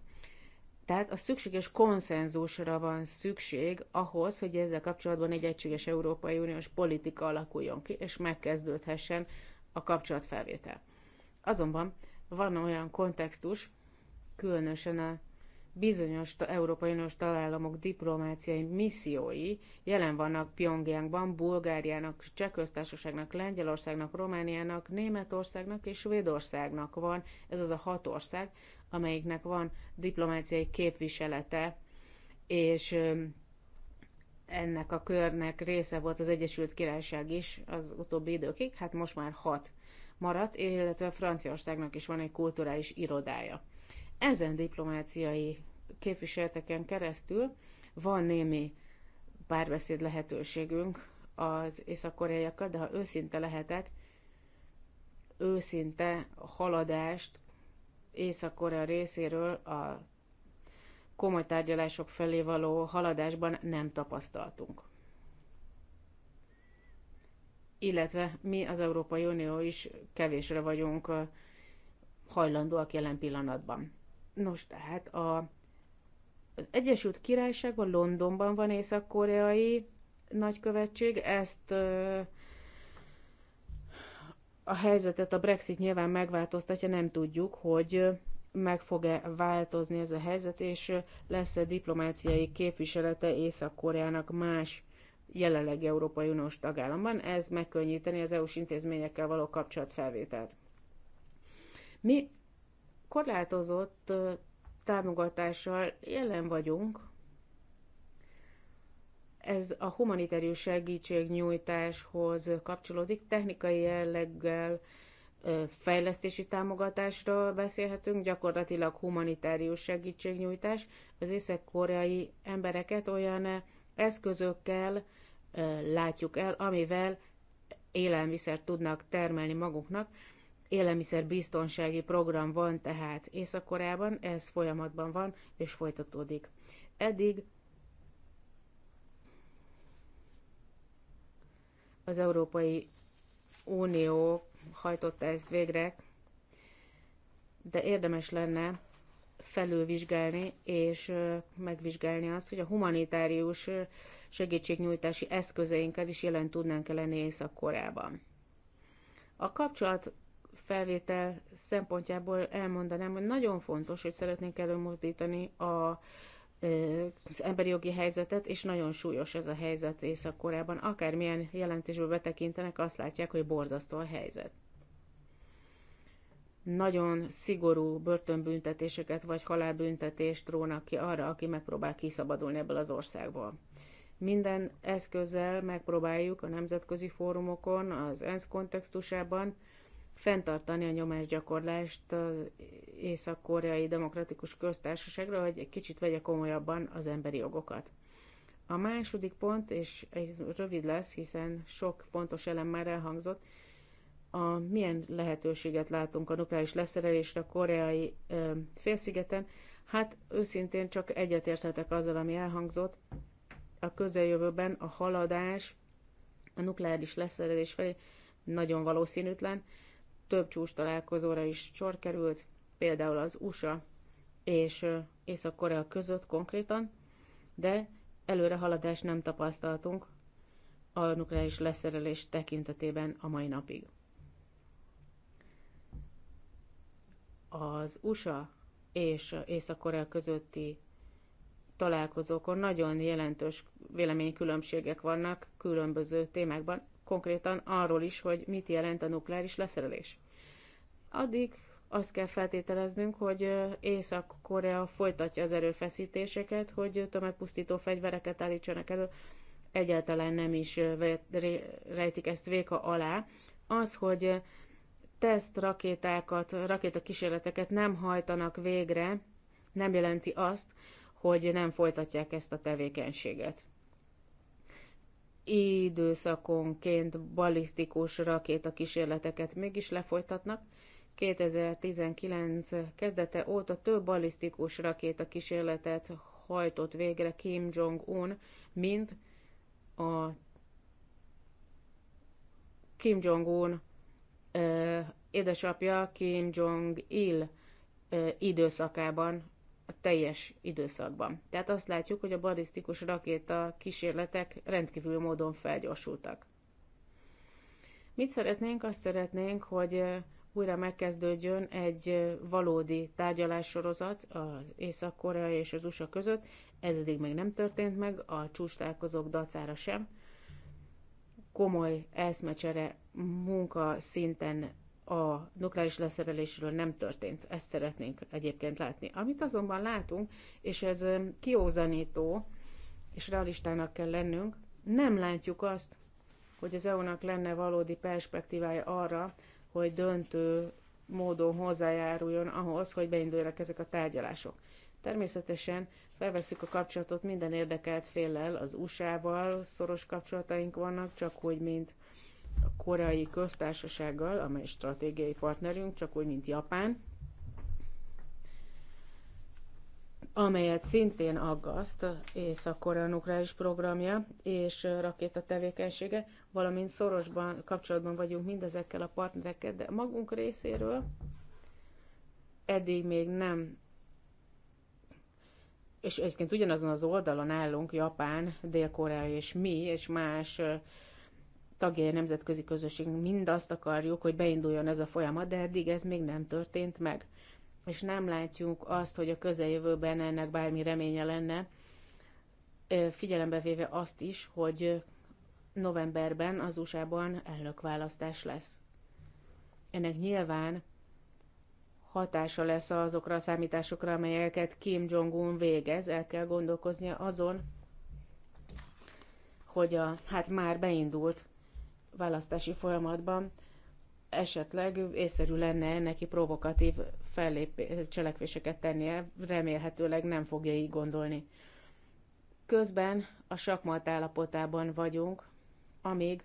Tehát a szükséges konszenzusra van szükség ahhoz, hogy ezzel kapcsolatban egy egységes Európai Uniós politika alakuljon ki, és megkezdődhessen a kapcsolatfelvétel. Azonban van olyan kontextus, különösen a bizonyos Európai Uniós tagállamok diplomáciai missziói jelen vannak Pyongyangban, Bulgáriának, Csehköztársaságnak, Lengyelországnak, Romániának, Németországnak és Svédországnak van, ez az a hat ország, amelyiknek van diplomáciai képviselete, és ennek a körnek része volt az Egyesült Királyság is az utóbbi időkig, hát most már hat maradt, illetve Franciaországnak is van egy kulturális irodája. Ezen diplomáciai képviseleteken keresztül van némi párbeszéd lehetőségünk az észak-koreaiakkal, de ha őszinte lehetek, őszinte haladást Észak-Korea részéről a komoly tárgyalások felé való haladásban nem tapasztaltunk. Illetve mi az Európai Unió is kevésre vagyunk hajlandóak jelen pillanatban. Nos, tehát a, az Egyesült Királyságban, Londonban van észak-koreai nagykövetség, ezt a helyzetet a Brexit nyilván megváltoztatja, nem tudjuk, hogy meg fog-e változni ez a helyzet, és lesz-e diplomáciai képviselete Észak-Koreának más jelenleg Európai Uniós tagállamban, ez megkönnyíteni az EU-s intézményekkel való kapcsolatfelvételt. Mi korlátozott támogatással jelen vagyunk ez a humanitárius segítségnyújtáshoz kapcsolódik, technikai jelleggel fejlesztési támogatásról beszélhetünk, gyakorlatilag humanitárius segítségnyújtás. Az észak-koreai embereket olyan eszközökkel látjuk el, amivel élelmiszert tudnak termelni maguknak. biztonsági program van tehát Észak-Koreában, ez folyamatban van és folytatódik. Eddig az Európai Unió hajtotta ezt végre, de érdemes lenne felülvizsgálni és megvizsgálni azt, hogy a humanitárius segítségnyújtási eszközeinkkel is jelen tudnánk -e lenni Észak-Koreában. A kapcsolat felvétel szempontjából elmondanám, hogy nagyon fontos, hogy szeretnénk előmozdítani a az emberi jogi helyzetet, és nagyon súlyos ez a helyzet Észak-Koreában. Akármilyen jelentésből betekintenek, azt látják, hogy borzasztó a helyzet. Nagyon szigorú börtönbüntetéseket vagy halálbüntetést rónak ki arra, aki megpróbál kiszabadulni ebből az országból. Minden eszközzel megpróbáljuk a nemzetközi fórumokon, az ENSZ kontextusában fenntartani a nyomásgyakorlást az Észak-Koreai Demokratikus Köztársaságra, hogy egy kicsit vegye komolyabban az emberi jogokat. A második pont, és ez rövid lesz, hiszen sok fontos elem már elhangzott, a milyen lehetőséget látunk a nukleáris leszerelésre a koreai ö, félszigeten. Hát őszintén csak egyetérthetek azzal, ami elhangzott. A közeljövőben a haladás a nukleáris leszerelés felé nagyon valószínűtlen, több csúcs találkozóra is sor került, például az USA és Észak-Korea között konkrétan, de előre haladást nem tapasztaltunk a nukleáris leszerelés tekintetében a mai napig. Az USA és Észak-Korea közötti találkozókon nagyon jelentős véleménykülönbségek vannak különböző témákban, konkrétan arról is, hogy mit jelent a nukleáris leszerelés. Addig azt kell feltételeznünk, hogy Észak-Korea folytatja az erőfeszítéseket, hogy tömegpusztító fegyvereket állítsanak elő, egyáltalán nem is rejtik ezt véka alá. Az, hogy teszt rakétákat, rakétakísérleteket nem hajtanak végre, nem jelenti azt, hogy nem folytatják ezt a tevékenységet időszakonként balisztikus rakétakísérleteket mégis lefolytatnak. 2019 kezdete óta több balisztikus rakétakísérletet hajtott végre Kim Jong-un, mint a Kim Jong-un édesapja Kim Jong-il időszakában a teljes időszakban. Tehát azt látjuk, hogy a balisztikus rakéta kísérletek rendkívül módon felgyorsultak. Mit szeretnénk? Azt szeretnénk, hogy újra megkezdődjön egy valódi tárgyalássorozat az Észak-Korea és az USA között. Ez eddig még nem történt meg, a csústálkozók dacára sem. Komoly eszmecsere munka szinten a nukleáris leszerelésről nem történt. Ezt szeretnénk egyébként látni. Amit azonban látunk, és ez kiózanító, és realistának kell lennünk, nem látjuk azt, hogy az EU-nak lenne valódi perspektívája arra, hogy döntő módon hozzájáruljon ahhoz, hogy beinduljanak ezek a tárgyalások. Természetesen felveszük a kapcsolatot minden érdekelt féllel, az USA-val szoros kapcsolataink vannak, csak hogy mint a koreai köztársasággal, amely stratégiai partnerünk, csak úgy, mint Japán, amelyet szintén aggaszt Észak-Korea nukleáris programja és rakéta tevékenysége, valamint szorosban kapcsolatban vagyunk mindezekkel a partnerekkel, de magunk részéről eddig még nem és egyébként ugyanazon az oldalon állunk, Japán, Dél-Korea és mi, és más tagjai a nemzetközi közösség mind azt akarjuk, hogy beinduljon ez a folyamat, de eddig ez még nem történt meg. És nem látjuk azt, hogy a közeljövőben ennek bármi reménye lenne, figyelembe véve azt is, hogy novemberben az USA-ban elnökválasztás lesz. Ennek nyilván hatása lesz azokra a számításokra, amelyeket Kim Jong-un végez, el kell gondolkoznia azon, hogy a, hát már beindult választási folyamatban esetleg észszerű lenne neki provokatív fellép, cselekvéseket tennie, remélhetőleg nem fogja így gondolni. Közben a sakmat állapotában vagyunk, amíg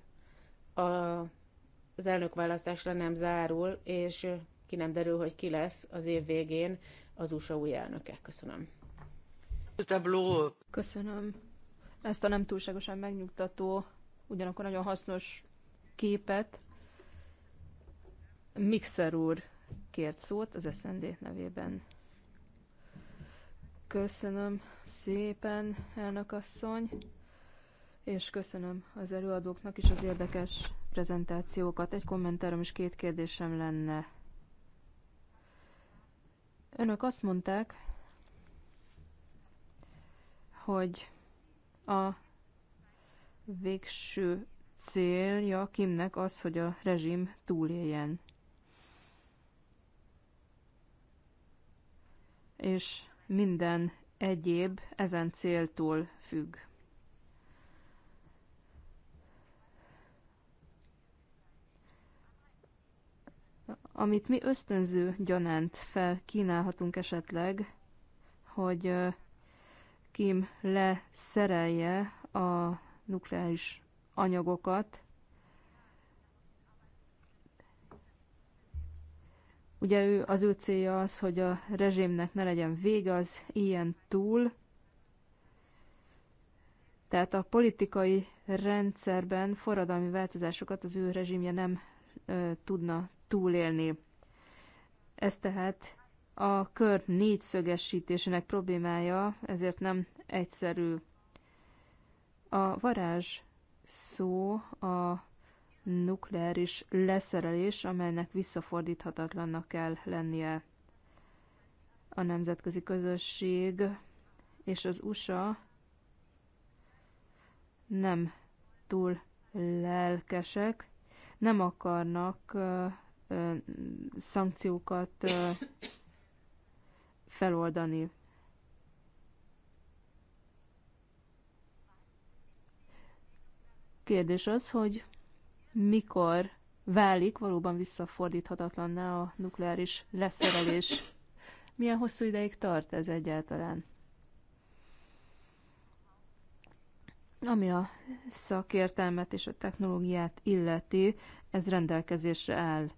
a, az választásra nem zárul, és ki nem derül, hogy ki lesz az év végén az USA új elnöke. Köszönöm. Köszönöm. Ezt a nem túlságosan megnyugtató, ugyanakkor nagyon hasznos képet. Mixer úr kért szót az SND nevében. Köszönöm szépen, elnök asszony, és köszönöm az előadóknak is az érdekes prezentációkat. Egy kommentárom és két kérdésem lenne. Önök azt mondták, hogy a végső célja Kimnek az, hogy a rezsim túléljen. És minden egyéb ezen céltól függ. Amit mi ösztönző gyanánt felkínálhatunk esetleg, hogy Kim leszerelje a nukleáris anyagokat. Ugye ő, az ő célja az, hogy a rezsémnek ne legyen vége az ilyen túl, tehát a politikai rendszerben forradalmi változásokat az ő rezsimje nem ö, tudna túlélni. Ez tehát a kör négyszögesítésének problémája, ezért nem egyszerű. A varázs szó a nukleáris leszerelés, amelynek visszafordíthatatlannak kell lennie. A nemzetközi közösség és az USA nem túl lelkesek, nem akarnak ö, szankciókat feloldani. kérdés az, hogy mikor válik valóban visszafordíthatatlanná a nukleáris leszerelés. Milyen hosszú ideig tart ez egyáltalán? Ami a szakértelmet és a technológiát illeti, ez rendelkezésre áll.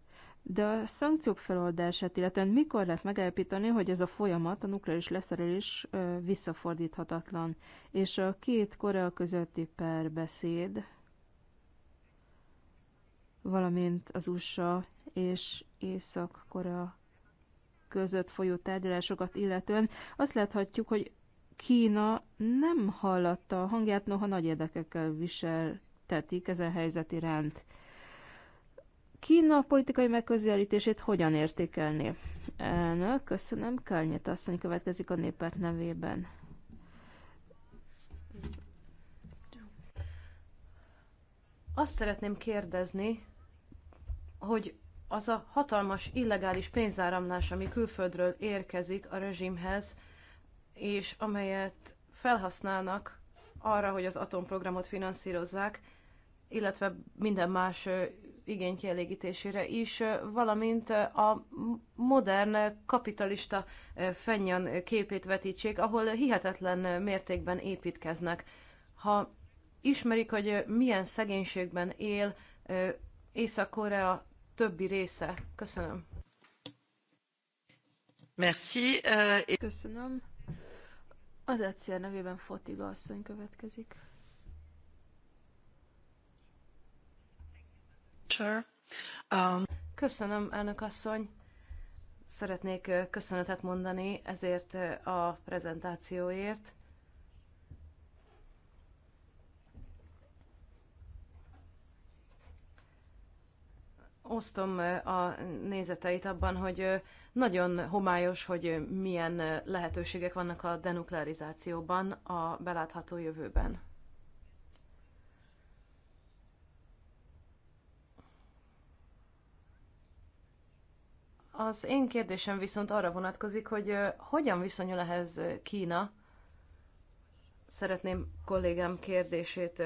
De a szankciók feloldását, illetően mikor lehet megállapítani, hogy ez a folyamat, a nukleáris leszerelés visszafordíthatatlan, és a két Korea közötti perbeszéd, valamint az USA és Észak-Korea között folyó tárgyalásokat illetően azt láthatjuk, hogy Kína nem hallatta a hangját, noha nagy érdekekkel viseltetik ezen helyzet iránt. Kína politikai megközelítését hogyan értékelné? Elnök, köszönöm. Kálnyet asszony következik a népet nevében. Azt szeretném kérdezni, hogy az a hatalmas illegális pénzáramlás, ami külföldről érkezik a rezsimhez, és amelyet felhasználnak arra, hogy az atomprogramot finanszírozzák, illetve minden más igény kielégítésére is, valamint a modern kapitalista fennyan képét vetítsék, ahol hihetetlen mértékben építkeznek. Ha ismerik, hogy milyen szegénységben él Észak-Korea, többi része. Köszönöm. Merci. Uh, Köszönöm. Az egyszer nevében Fotiga asszony következik. Sure. Um... Köszönöm, elnök asszony. Szeretnék köszönetet mondani ezért a prezentációért. osztom a nézeteit abban, hogy nagyon homályos, hogy milyen lehetőségek vannak a denuklearizációban a belátható jövőben. Az én kérdésem viszont arra vonatkozik, hogy hogyan viszonyul ehhez Kína? Szeretném kollégám kérdését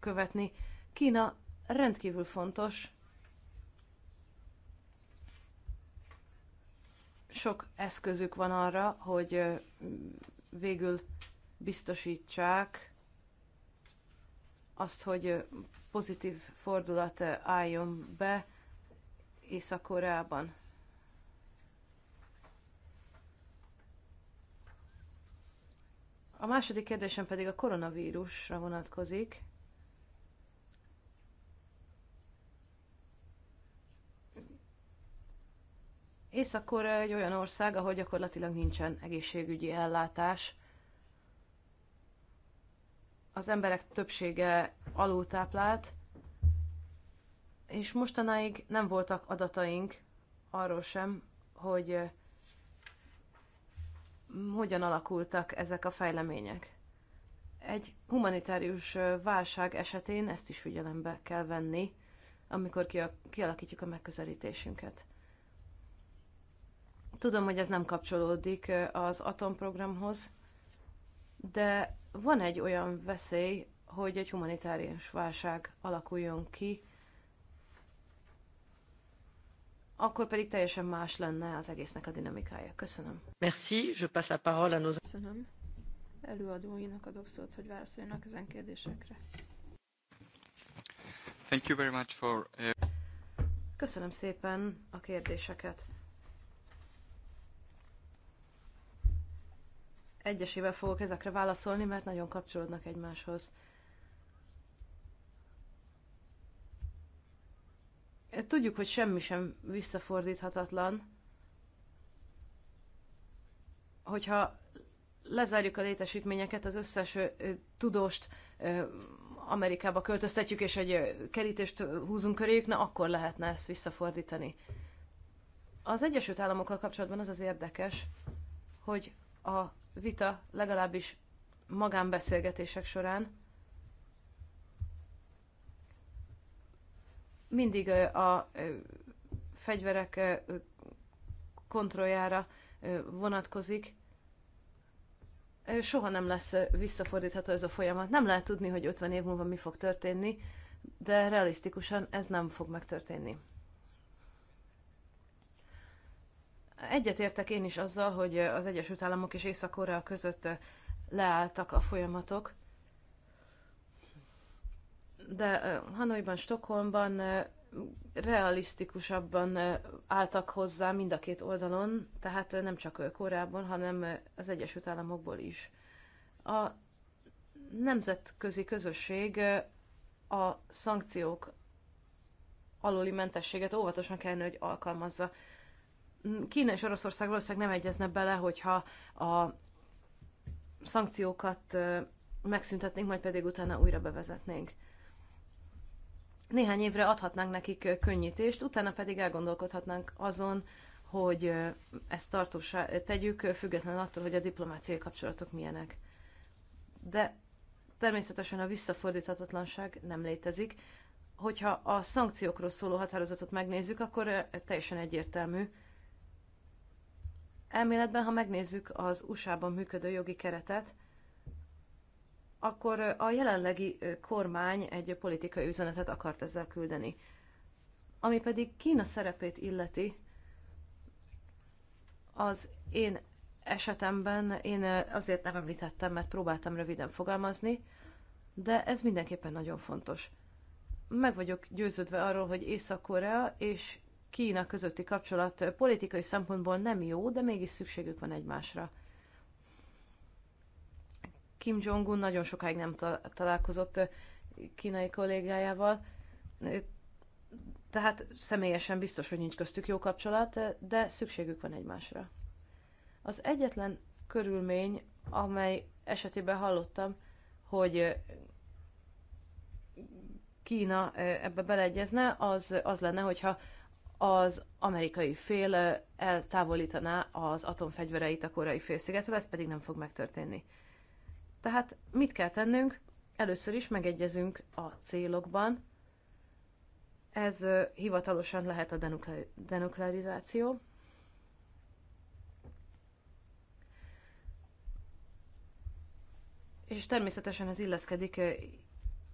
követni. Kína rendkívül fontos sok eszközük van arra, hogy végül biztosítsák azt, hogy pozitív fordulat álljon be Észak-Koreában. A második kérdésem pedig a koronavírusra vonatkozik. Észak-Korea egy olyan ország, ahol gyakorlatilag nincsen egészségügyi ellátás. Az emberek többsége alultáplált, és mostanáig nem voltak adataink arról sem, hogy eh, hogyan alakultak ezek a fejlemények. Egy humanitárius eh, válság esetén ezt is figyelembe kell venni, amikor kialakítjuk a megközelítésünket. Tudom, hogy ez nem kapcsolódik az atomprogramhoz, de van egy olyan veszély, hogy egy humanitárius válság alakuljon ki, akkor pedig teljesen más lenne az egésznek a dinamikája. Köszönöm. Merci, je passe la parole à nos... Köszönöm. Előadóinak adok szót, hogy válaszoljanak ezen kérdésekre. Thank you very much for... Uh, Köszönöm szépen a kérdéseket. egyesével fogok ezekre válaszolni, mert nagyon kapcsolódnak egymáshoz. Tudjuk, hogy semmi sem visszafordíthatatlan. Hogyha lezárjuk a létesítményeket, az összes tudóst Amerikába költöztetjük, és egy kerítést húzunk köréjük, na akkor lehetne ezt visszafordítani. Az Egyesült Államokkal kapcsolatban az az érdekes, hogy a vita legalábbis magánbeszélgetések során mindig a fegyverek kontrolljára vonatkozik. Soha nem lesz visszafordítható ez a folyamat. Nem lehet tudni, hogy 50 év múlva mi fog történni, de realisztikusan ez nem fog megtörténni. Egyetértek én is azzal, hogy az Egyesült Államok és Észak-Korea között leálltak a folyamatok, de Hanoiban, Stockholmban realisztikusabban álltak hozzá mind a két oldalon, tehát nem csak Koreában, hanem az Egyesült Államokból is. A nemzetközi közösség a szankciók aluli mentességet óvatosan kellene, hogy alkalmazza. Kína és Oroszország valószínűleg nem egyezne bele, hogyha a szankciókat megszüntetnénk, majd pedig utána újra bevezetnénk. Néhány évre adhatnánk nekik könnyítést, utána pedig elgondolkodhatnánk azon, hogy ezt tartósá tegyük, független attól, hogy a diplomáciai kapcsolatok milyenek. De természetesen a visszafordíthatatlanság nem létezik. Hogyha a szankciókról szóló határozatot megnézzük, akkor teljesen egyértelmű, Elméletben, ha megnézzük az USA-ban működő jogi keretet, akkor a jelenlegi kormány egy politikai üzenetet akart ezzel küldeni. Ami pedig Kína szerepét illeti, az én esetemben én azért nem említettem, mert próbáltam röviden fogalmazni, de ez mindenképpen nagyon fontos. Meg vagyok győződve arról, hogy Észak-Korea és Kína közötti kapcsolat politikai szempontból nem jó, de mégis szükségük van egymásra. Kim Jong-un nagyon sokáig nem találkozott kínai kollégájával, tehát személyesen biztos, hogy nincs köztük jó kapcsolat, de szükségük van egymásra. Az egyetlen körülmény, amely esetében hallottam, hogy Kína ebbe beleegyezne, az, az lenne, hogyha az amerikai fél eltávolítaná az atomfegyvereit a korai félszigetről, ez pedig nem fog megtörténni. Tehát mit kell tennünk? Először is megegyezünk a célokban. Ez hivatalosan lehet a denukle- denuklearizáció. És természetesen ez illeszkedik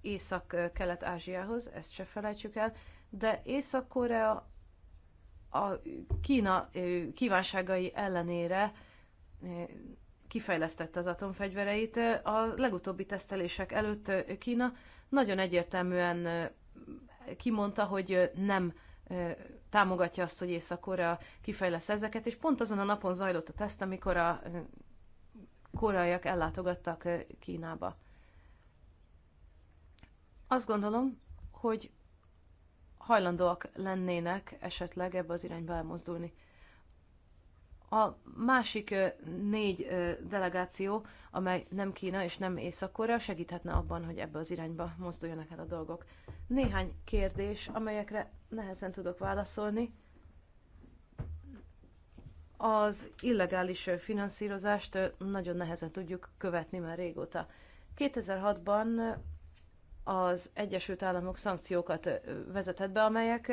Észak-Kelet-Ázsiához, ezt se felejtsük el, de Észak-Korea a Kína kívánságai ellenére kifejlesztette az atomfegyvereit. A legutóbbi tesztelések előtt Kína nagyon egyértelműen kimondta, hogy nem támogatja azt, hogy Észak-Korea kifejlesz ezeket, és pont azon a napon zajlott a teszt, amikor a koreaiak ellátogattak Kínába. Azt gondolom, hogy hajlandóak lennének esetleg ebbe az irányba elmozdulni. A másik négy delegáció, amely nem Kína és nem Észak-Korea, segíthetne abban, hogy ebbe az irányba mozduljanak el a dolgok. Néhány kérdés, amelyekre nehezen tudok válaszolni. Az illegális finanszírozást nagyon nehezen tudjuk követni már régóta. 2006-ban az Egyesült Államok szankciókat vezetett be, amelyek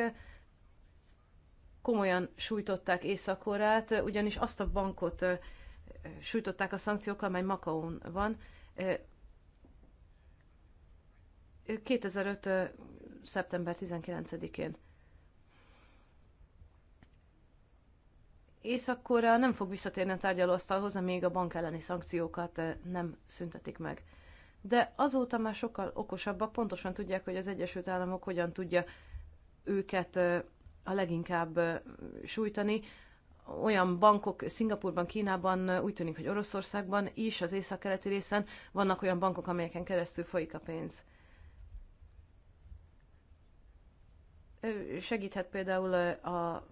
komolyan sújtották észak ugyanis azt a bankot sújtották a szankciókkal, amely Makaón van. 2005. szeptember 19-én. észak nem fog visszatérni a tárgyalóasztalhoz, amíg a bank elleni szankciókat nem szüntetik meg de azóta már sokkal okosabbak, pontosan tudják, hogy az Egyesült Államok hogyan tudja őket a leginkább sújtani. Olyan bankok Szingapurban, Kínában, úgy tűnik, hogy Oroszországban is, az északkeleti részen vannak olyan bankok, amelyeken keresztül folyik a pénz. Segíthet például a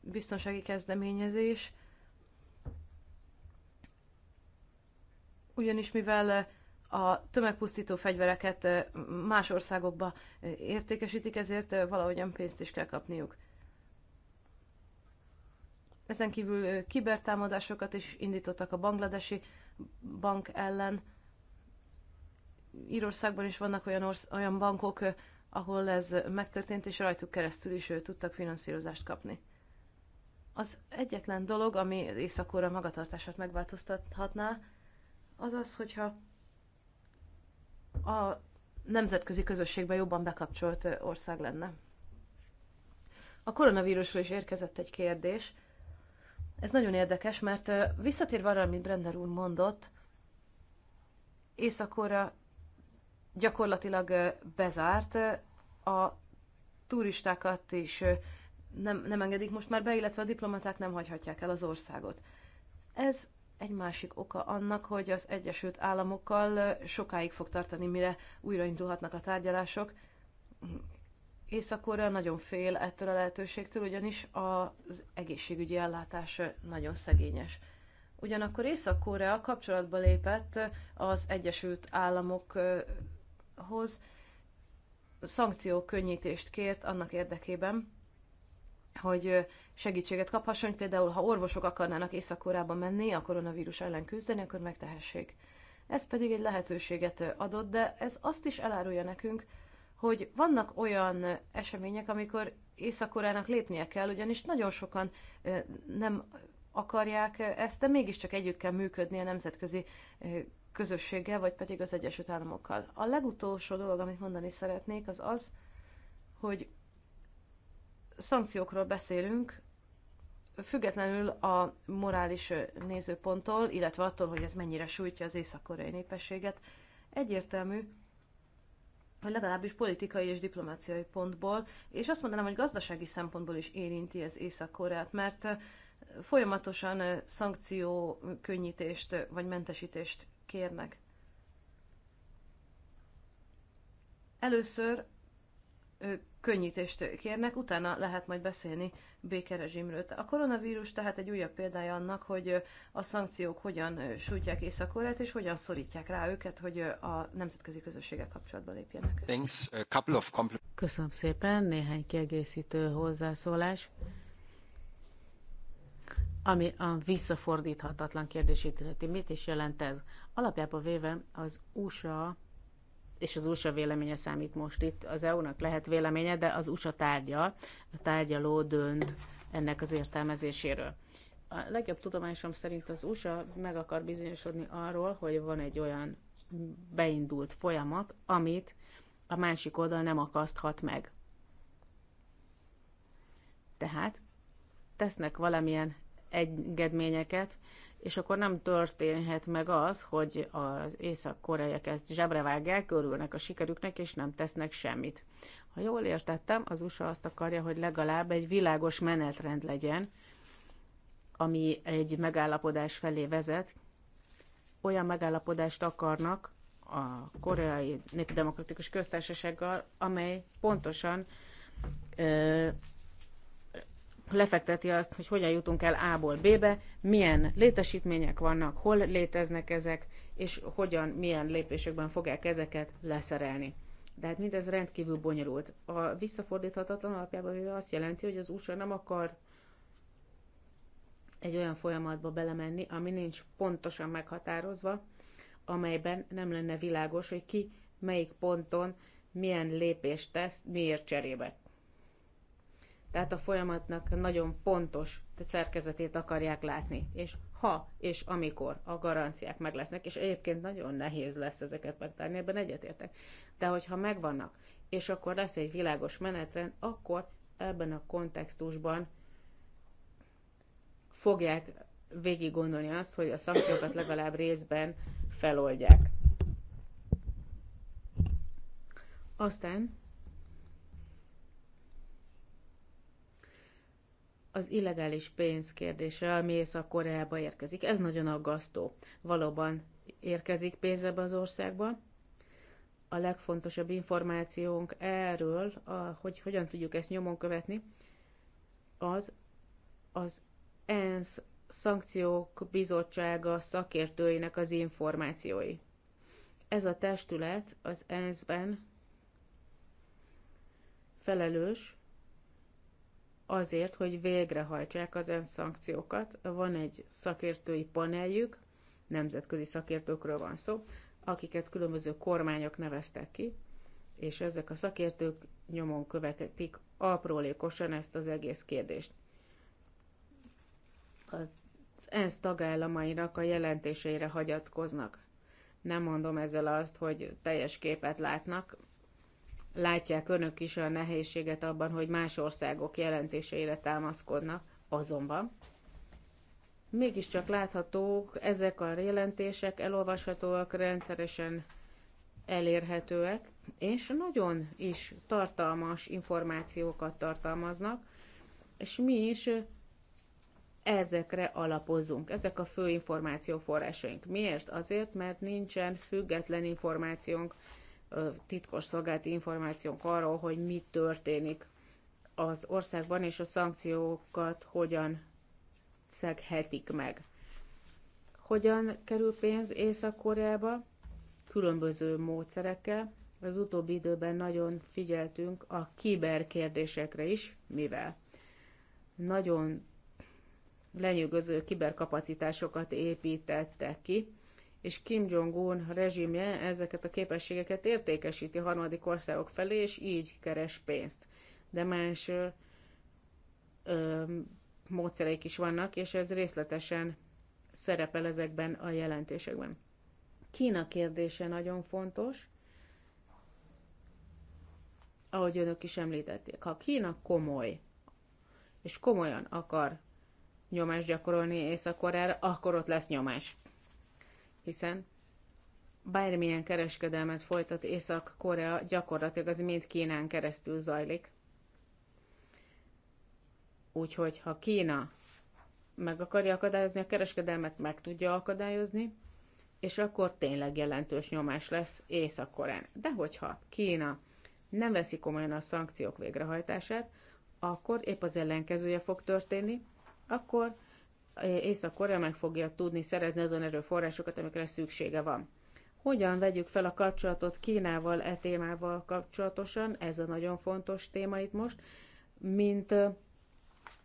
biztonsági kezdeményezés, ugyanis mivel a tömegpusztító fegyvereket más országokba értékesítik, ezért valahogyan pénzt is kell kapniuk. Ezen kívül kibertámadásokat is indítottak a bangladesi bank ellen. Írországban is vannak olyan, orsz- olyan bankok, ahol ez megtörtént, és rajtuk keresztül is tudtak finanszírozást kapni. Az egyetlen dolog, ami északóra magatartását megváltoztathatná, az az, hogyha a nemzetközi közösségbe jobban bekapcsolt ország lenne. A koronavírusról is érkezett egy kérdés. Ez nagyon érdekes, mert visszatérve arra, amit Brenner úr mondott, észak gyakorlatilag bezárt, a turistákat is nem, nem engedik most már be, illetve a diplomaták nem hagyhatják el az országot. Ez egy másik oka annak, hogy az Egyesült Államokkal sokáig fog tartani, mire újraindulhatnak a tárgyalások. észak nagyon fél ettől a lehetőségtől, ugyanis az egészségügyi ellátás nagyon szegényes. Ugyanakkor Észak-Korea kapcsolatba lépett az Egyesült Államokhoz, könnyítést kért annak érdekében, hogy segítséget kaphasson, például ha orvosok akarnának észak menni a koronavírus ellen küzdeni, akkor megtehessék. Ez pedig egy lehetőséget adott, de ez azt is elárulja nekünk, hogy vannak olyan események, amikor észak lépnie kell, ugyanis nagyon sokan nem akarják ezt, de mégiscsak együtt kell működni a nemzetközi közösséggel, vagy pedig az Egyesült Államokkal. A legutolsó dolog, amit mondani szeretnék, az az, hogy szankciókról beszélünk, függetlenül a morális nézőponttól, illetve attól, hogy ez mennyire sújtja az észak-koreai népességet, egyértelmű, hogy legalábbis politikai és diplomáciai pontból, és azt mondanám, hogy gazdasági szempontból is érinti ez Észak-Koreát, mert folyamatosan szankció könnyítést vagy mentesítést kérnek. Először könnyítést kérnek, utána lehet majd beszélni békerezsimről. A koronavírus tehát egy újabb példája annak, hogy a szankciók hogyan sújtják észak és hogyan szorítják rá őket, hogy a nemzetközi közösségek kapcsolatba lépjenek. Thanks. A couple of Köszönöm szépen, néhány kiegészítő hozzászólás. Ami a visszafordíthatatlan kérdését illeti, mit is jelent ez? Alapjában véve az USA és az USA véleménye számít most itt. Az EU-nak lehet véleménye, de az USA tárgya, a tárgyaló dönt ennek az értelmezéséről. A legjobb tudomásom szerint az USA meg akar bizonyosodni arról, hogy van egy olyan beindult folyamat, amit a másik oldal nem akaszthat meg. Tehát tesznek valamilyen engedményeket, és akkor nem történhet meg az, hogy az észak-koreaiak ezt zsebrevágják, örülnek a sikerüknek, és nem tesznek semmit. Ha jól értettem, az USA azt akarja, hogy legalább egy világos menetrend legyen, ami egy megállapodás felé vezet. Olyan megállapodást akarnak a koreai népdemokratikus köztársasággal, amely pontosan ö, lefekteti azt, hogy hogyan jutunk el A-ból B-be, milyen létesítmények vannak, hol léteznek ezek, és hogyan, milyen lépésekben fogják ezeket leszerelni. De hát mindez rendkívül bonyolult. A visszafordíthatatlan alapjában azt jelenti, hogy az USA nem akar egy olyan folyamatba belemenni, ami nincs pontosan meghatározva, amelyben nem lenne világos, hogy ki melyik ponton milyen lépést tesz, miért cserébe. Tehát a folyamatnak nagyon pontos szerkezetét akarják látni. És ha és amikor a garanciák meg lesznek, és egyébként nagyon nehéz lesz ezeket megtárni, ebben egyetértek. De hogyha megvannak, és akkor lesz egy világos menetrend, akkor ebben a kontextusban fogják végig gondolni azt, hogy a szankciókat legalább részben feloldják. Aztán az illegális pénz kérdése, ami Észak-Koreába érkezik. Ez nagyon aggasztó. Valóban érkezik pénz ebbe az országba. A legfontosabb információnk erről, a, hogy hogyan tudjuk ezt nyomon követni, az az ENSZ szankciók bizottsága szakértőinek az információi. Ez a testület az ENSZ-ben felelős azért, hogy végrehajtsák az ENSZ szankciókat. Van egy szakértői paneljük, nemzetközi szakértőkről van szó, akiket különböző kormányok neveztek ki, és ezek a szakértők nyomon követik aprólékosan ezt az egész kérdést. Az ENSZ tagállamainak a jelentéseire hagyatkoznak. Nem mondom ezzel azt, hogy teljes képet látnak, Látják önök is a nehézséget abban, hogy más országok jelentéseire támaszkodnak, azonban mégiscsak láthatók ezek a jelentések, elolvashatóak, rendszeresen elérhetőek, és nagyon is tartalmas információkat tartalmaznak, és mi is ezekre alapozunk, Ezek a fő információforrásaink. Miért? Azért, mert nincsen független információnk titkos szolgálati információk arról, hogy mi történik az országban, és a szankciókat hogyan szeghetik meg. Hogyan kerül pénz Észak-Koreába? Különböző módszerekkel. Az utóbbi időben nagyon figyeltünk a kiber kérdésekre is, mivel nagyon lenyűgöző kiberkapacitásokat építettek ki, és Kim Jong-un rezsimje ezeket a képességeket értékesíti harmadik országok felé, és így keres pénzt. De más ö, ö, módszereik is vannak, és ez részletesen szerepel ezekben a jelentésekben. Kína kérdése nagyon fontos, ahogy önök is említették. Ha Kína komoly, és komolyan akar nyomást gyakorolni Észak-Koreára, akkor ott lesz nyomás hiszen bármilyen kereskedelmet folytat Észak-Korea, gyakorlatilag az mind Kínán keresztül zajlik. Úgyhogy ha Kína meg akarja akadályozni a kereskedelmet, meg tudja akadályozni, és akkor tényleg jelentős nyomás lesz Észak-Korán. De hogyha Kína nem veszi komolyan a szankciók végrehajtását, akkor épp az ellenkezője fog történni, akkor Észak-Korea meg fogja tudni szerezni azon erőforrásokat, amikre szüksége van. Hogyan vegyük fel a kapcsolatot Kínával e témával kapcsolatosan, ez a nagyon fontos téma itt most, mint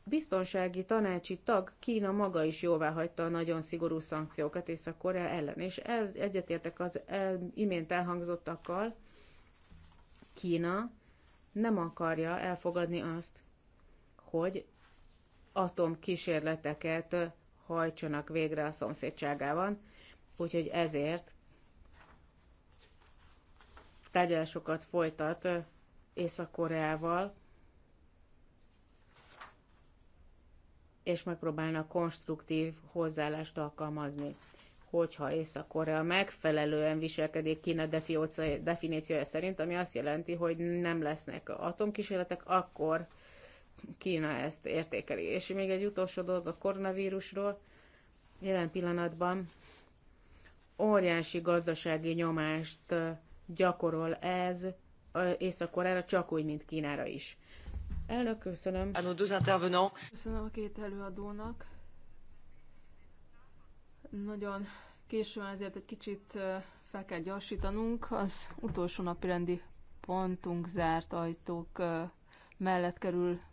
biztonsági tanácsi tag Kína maga is jóvá hagyta a nagyon szigorú szankciókat Észak-Korea ellen, és el, egyetértek az el, imént elhangzottakkal, Kína nem akarja elfogadni azt, hogy atomkísérleteket hajtsanak végre a szomszédságában, úgyhogy ezért tárgyalásokat folytat Észak-Koreával, és megpróbálnak konstruktív hozzáállást alkalmazni. Hogyha Észak-Korea megfelelően viselkedik Kína definíciója szerint, ami azt jelenti, hogy nem lesznek atomkísérletek, akkor Kína ezt értékeli. És még egy utolsó dolog a koronavírusról. Jelen pillanatban óriási gazdasági nyomást gyakorol ez Észak-Koreára, csak úgy, mint Kínára is. Elnök, köszönöm. Köszönöm a két előadónak. Nagyon későn, ezért egy kicsit fel kell gyorsítanunk. Az utolsó napi rendi pontunk zárt ajtók mellett kerül meg.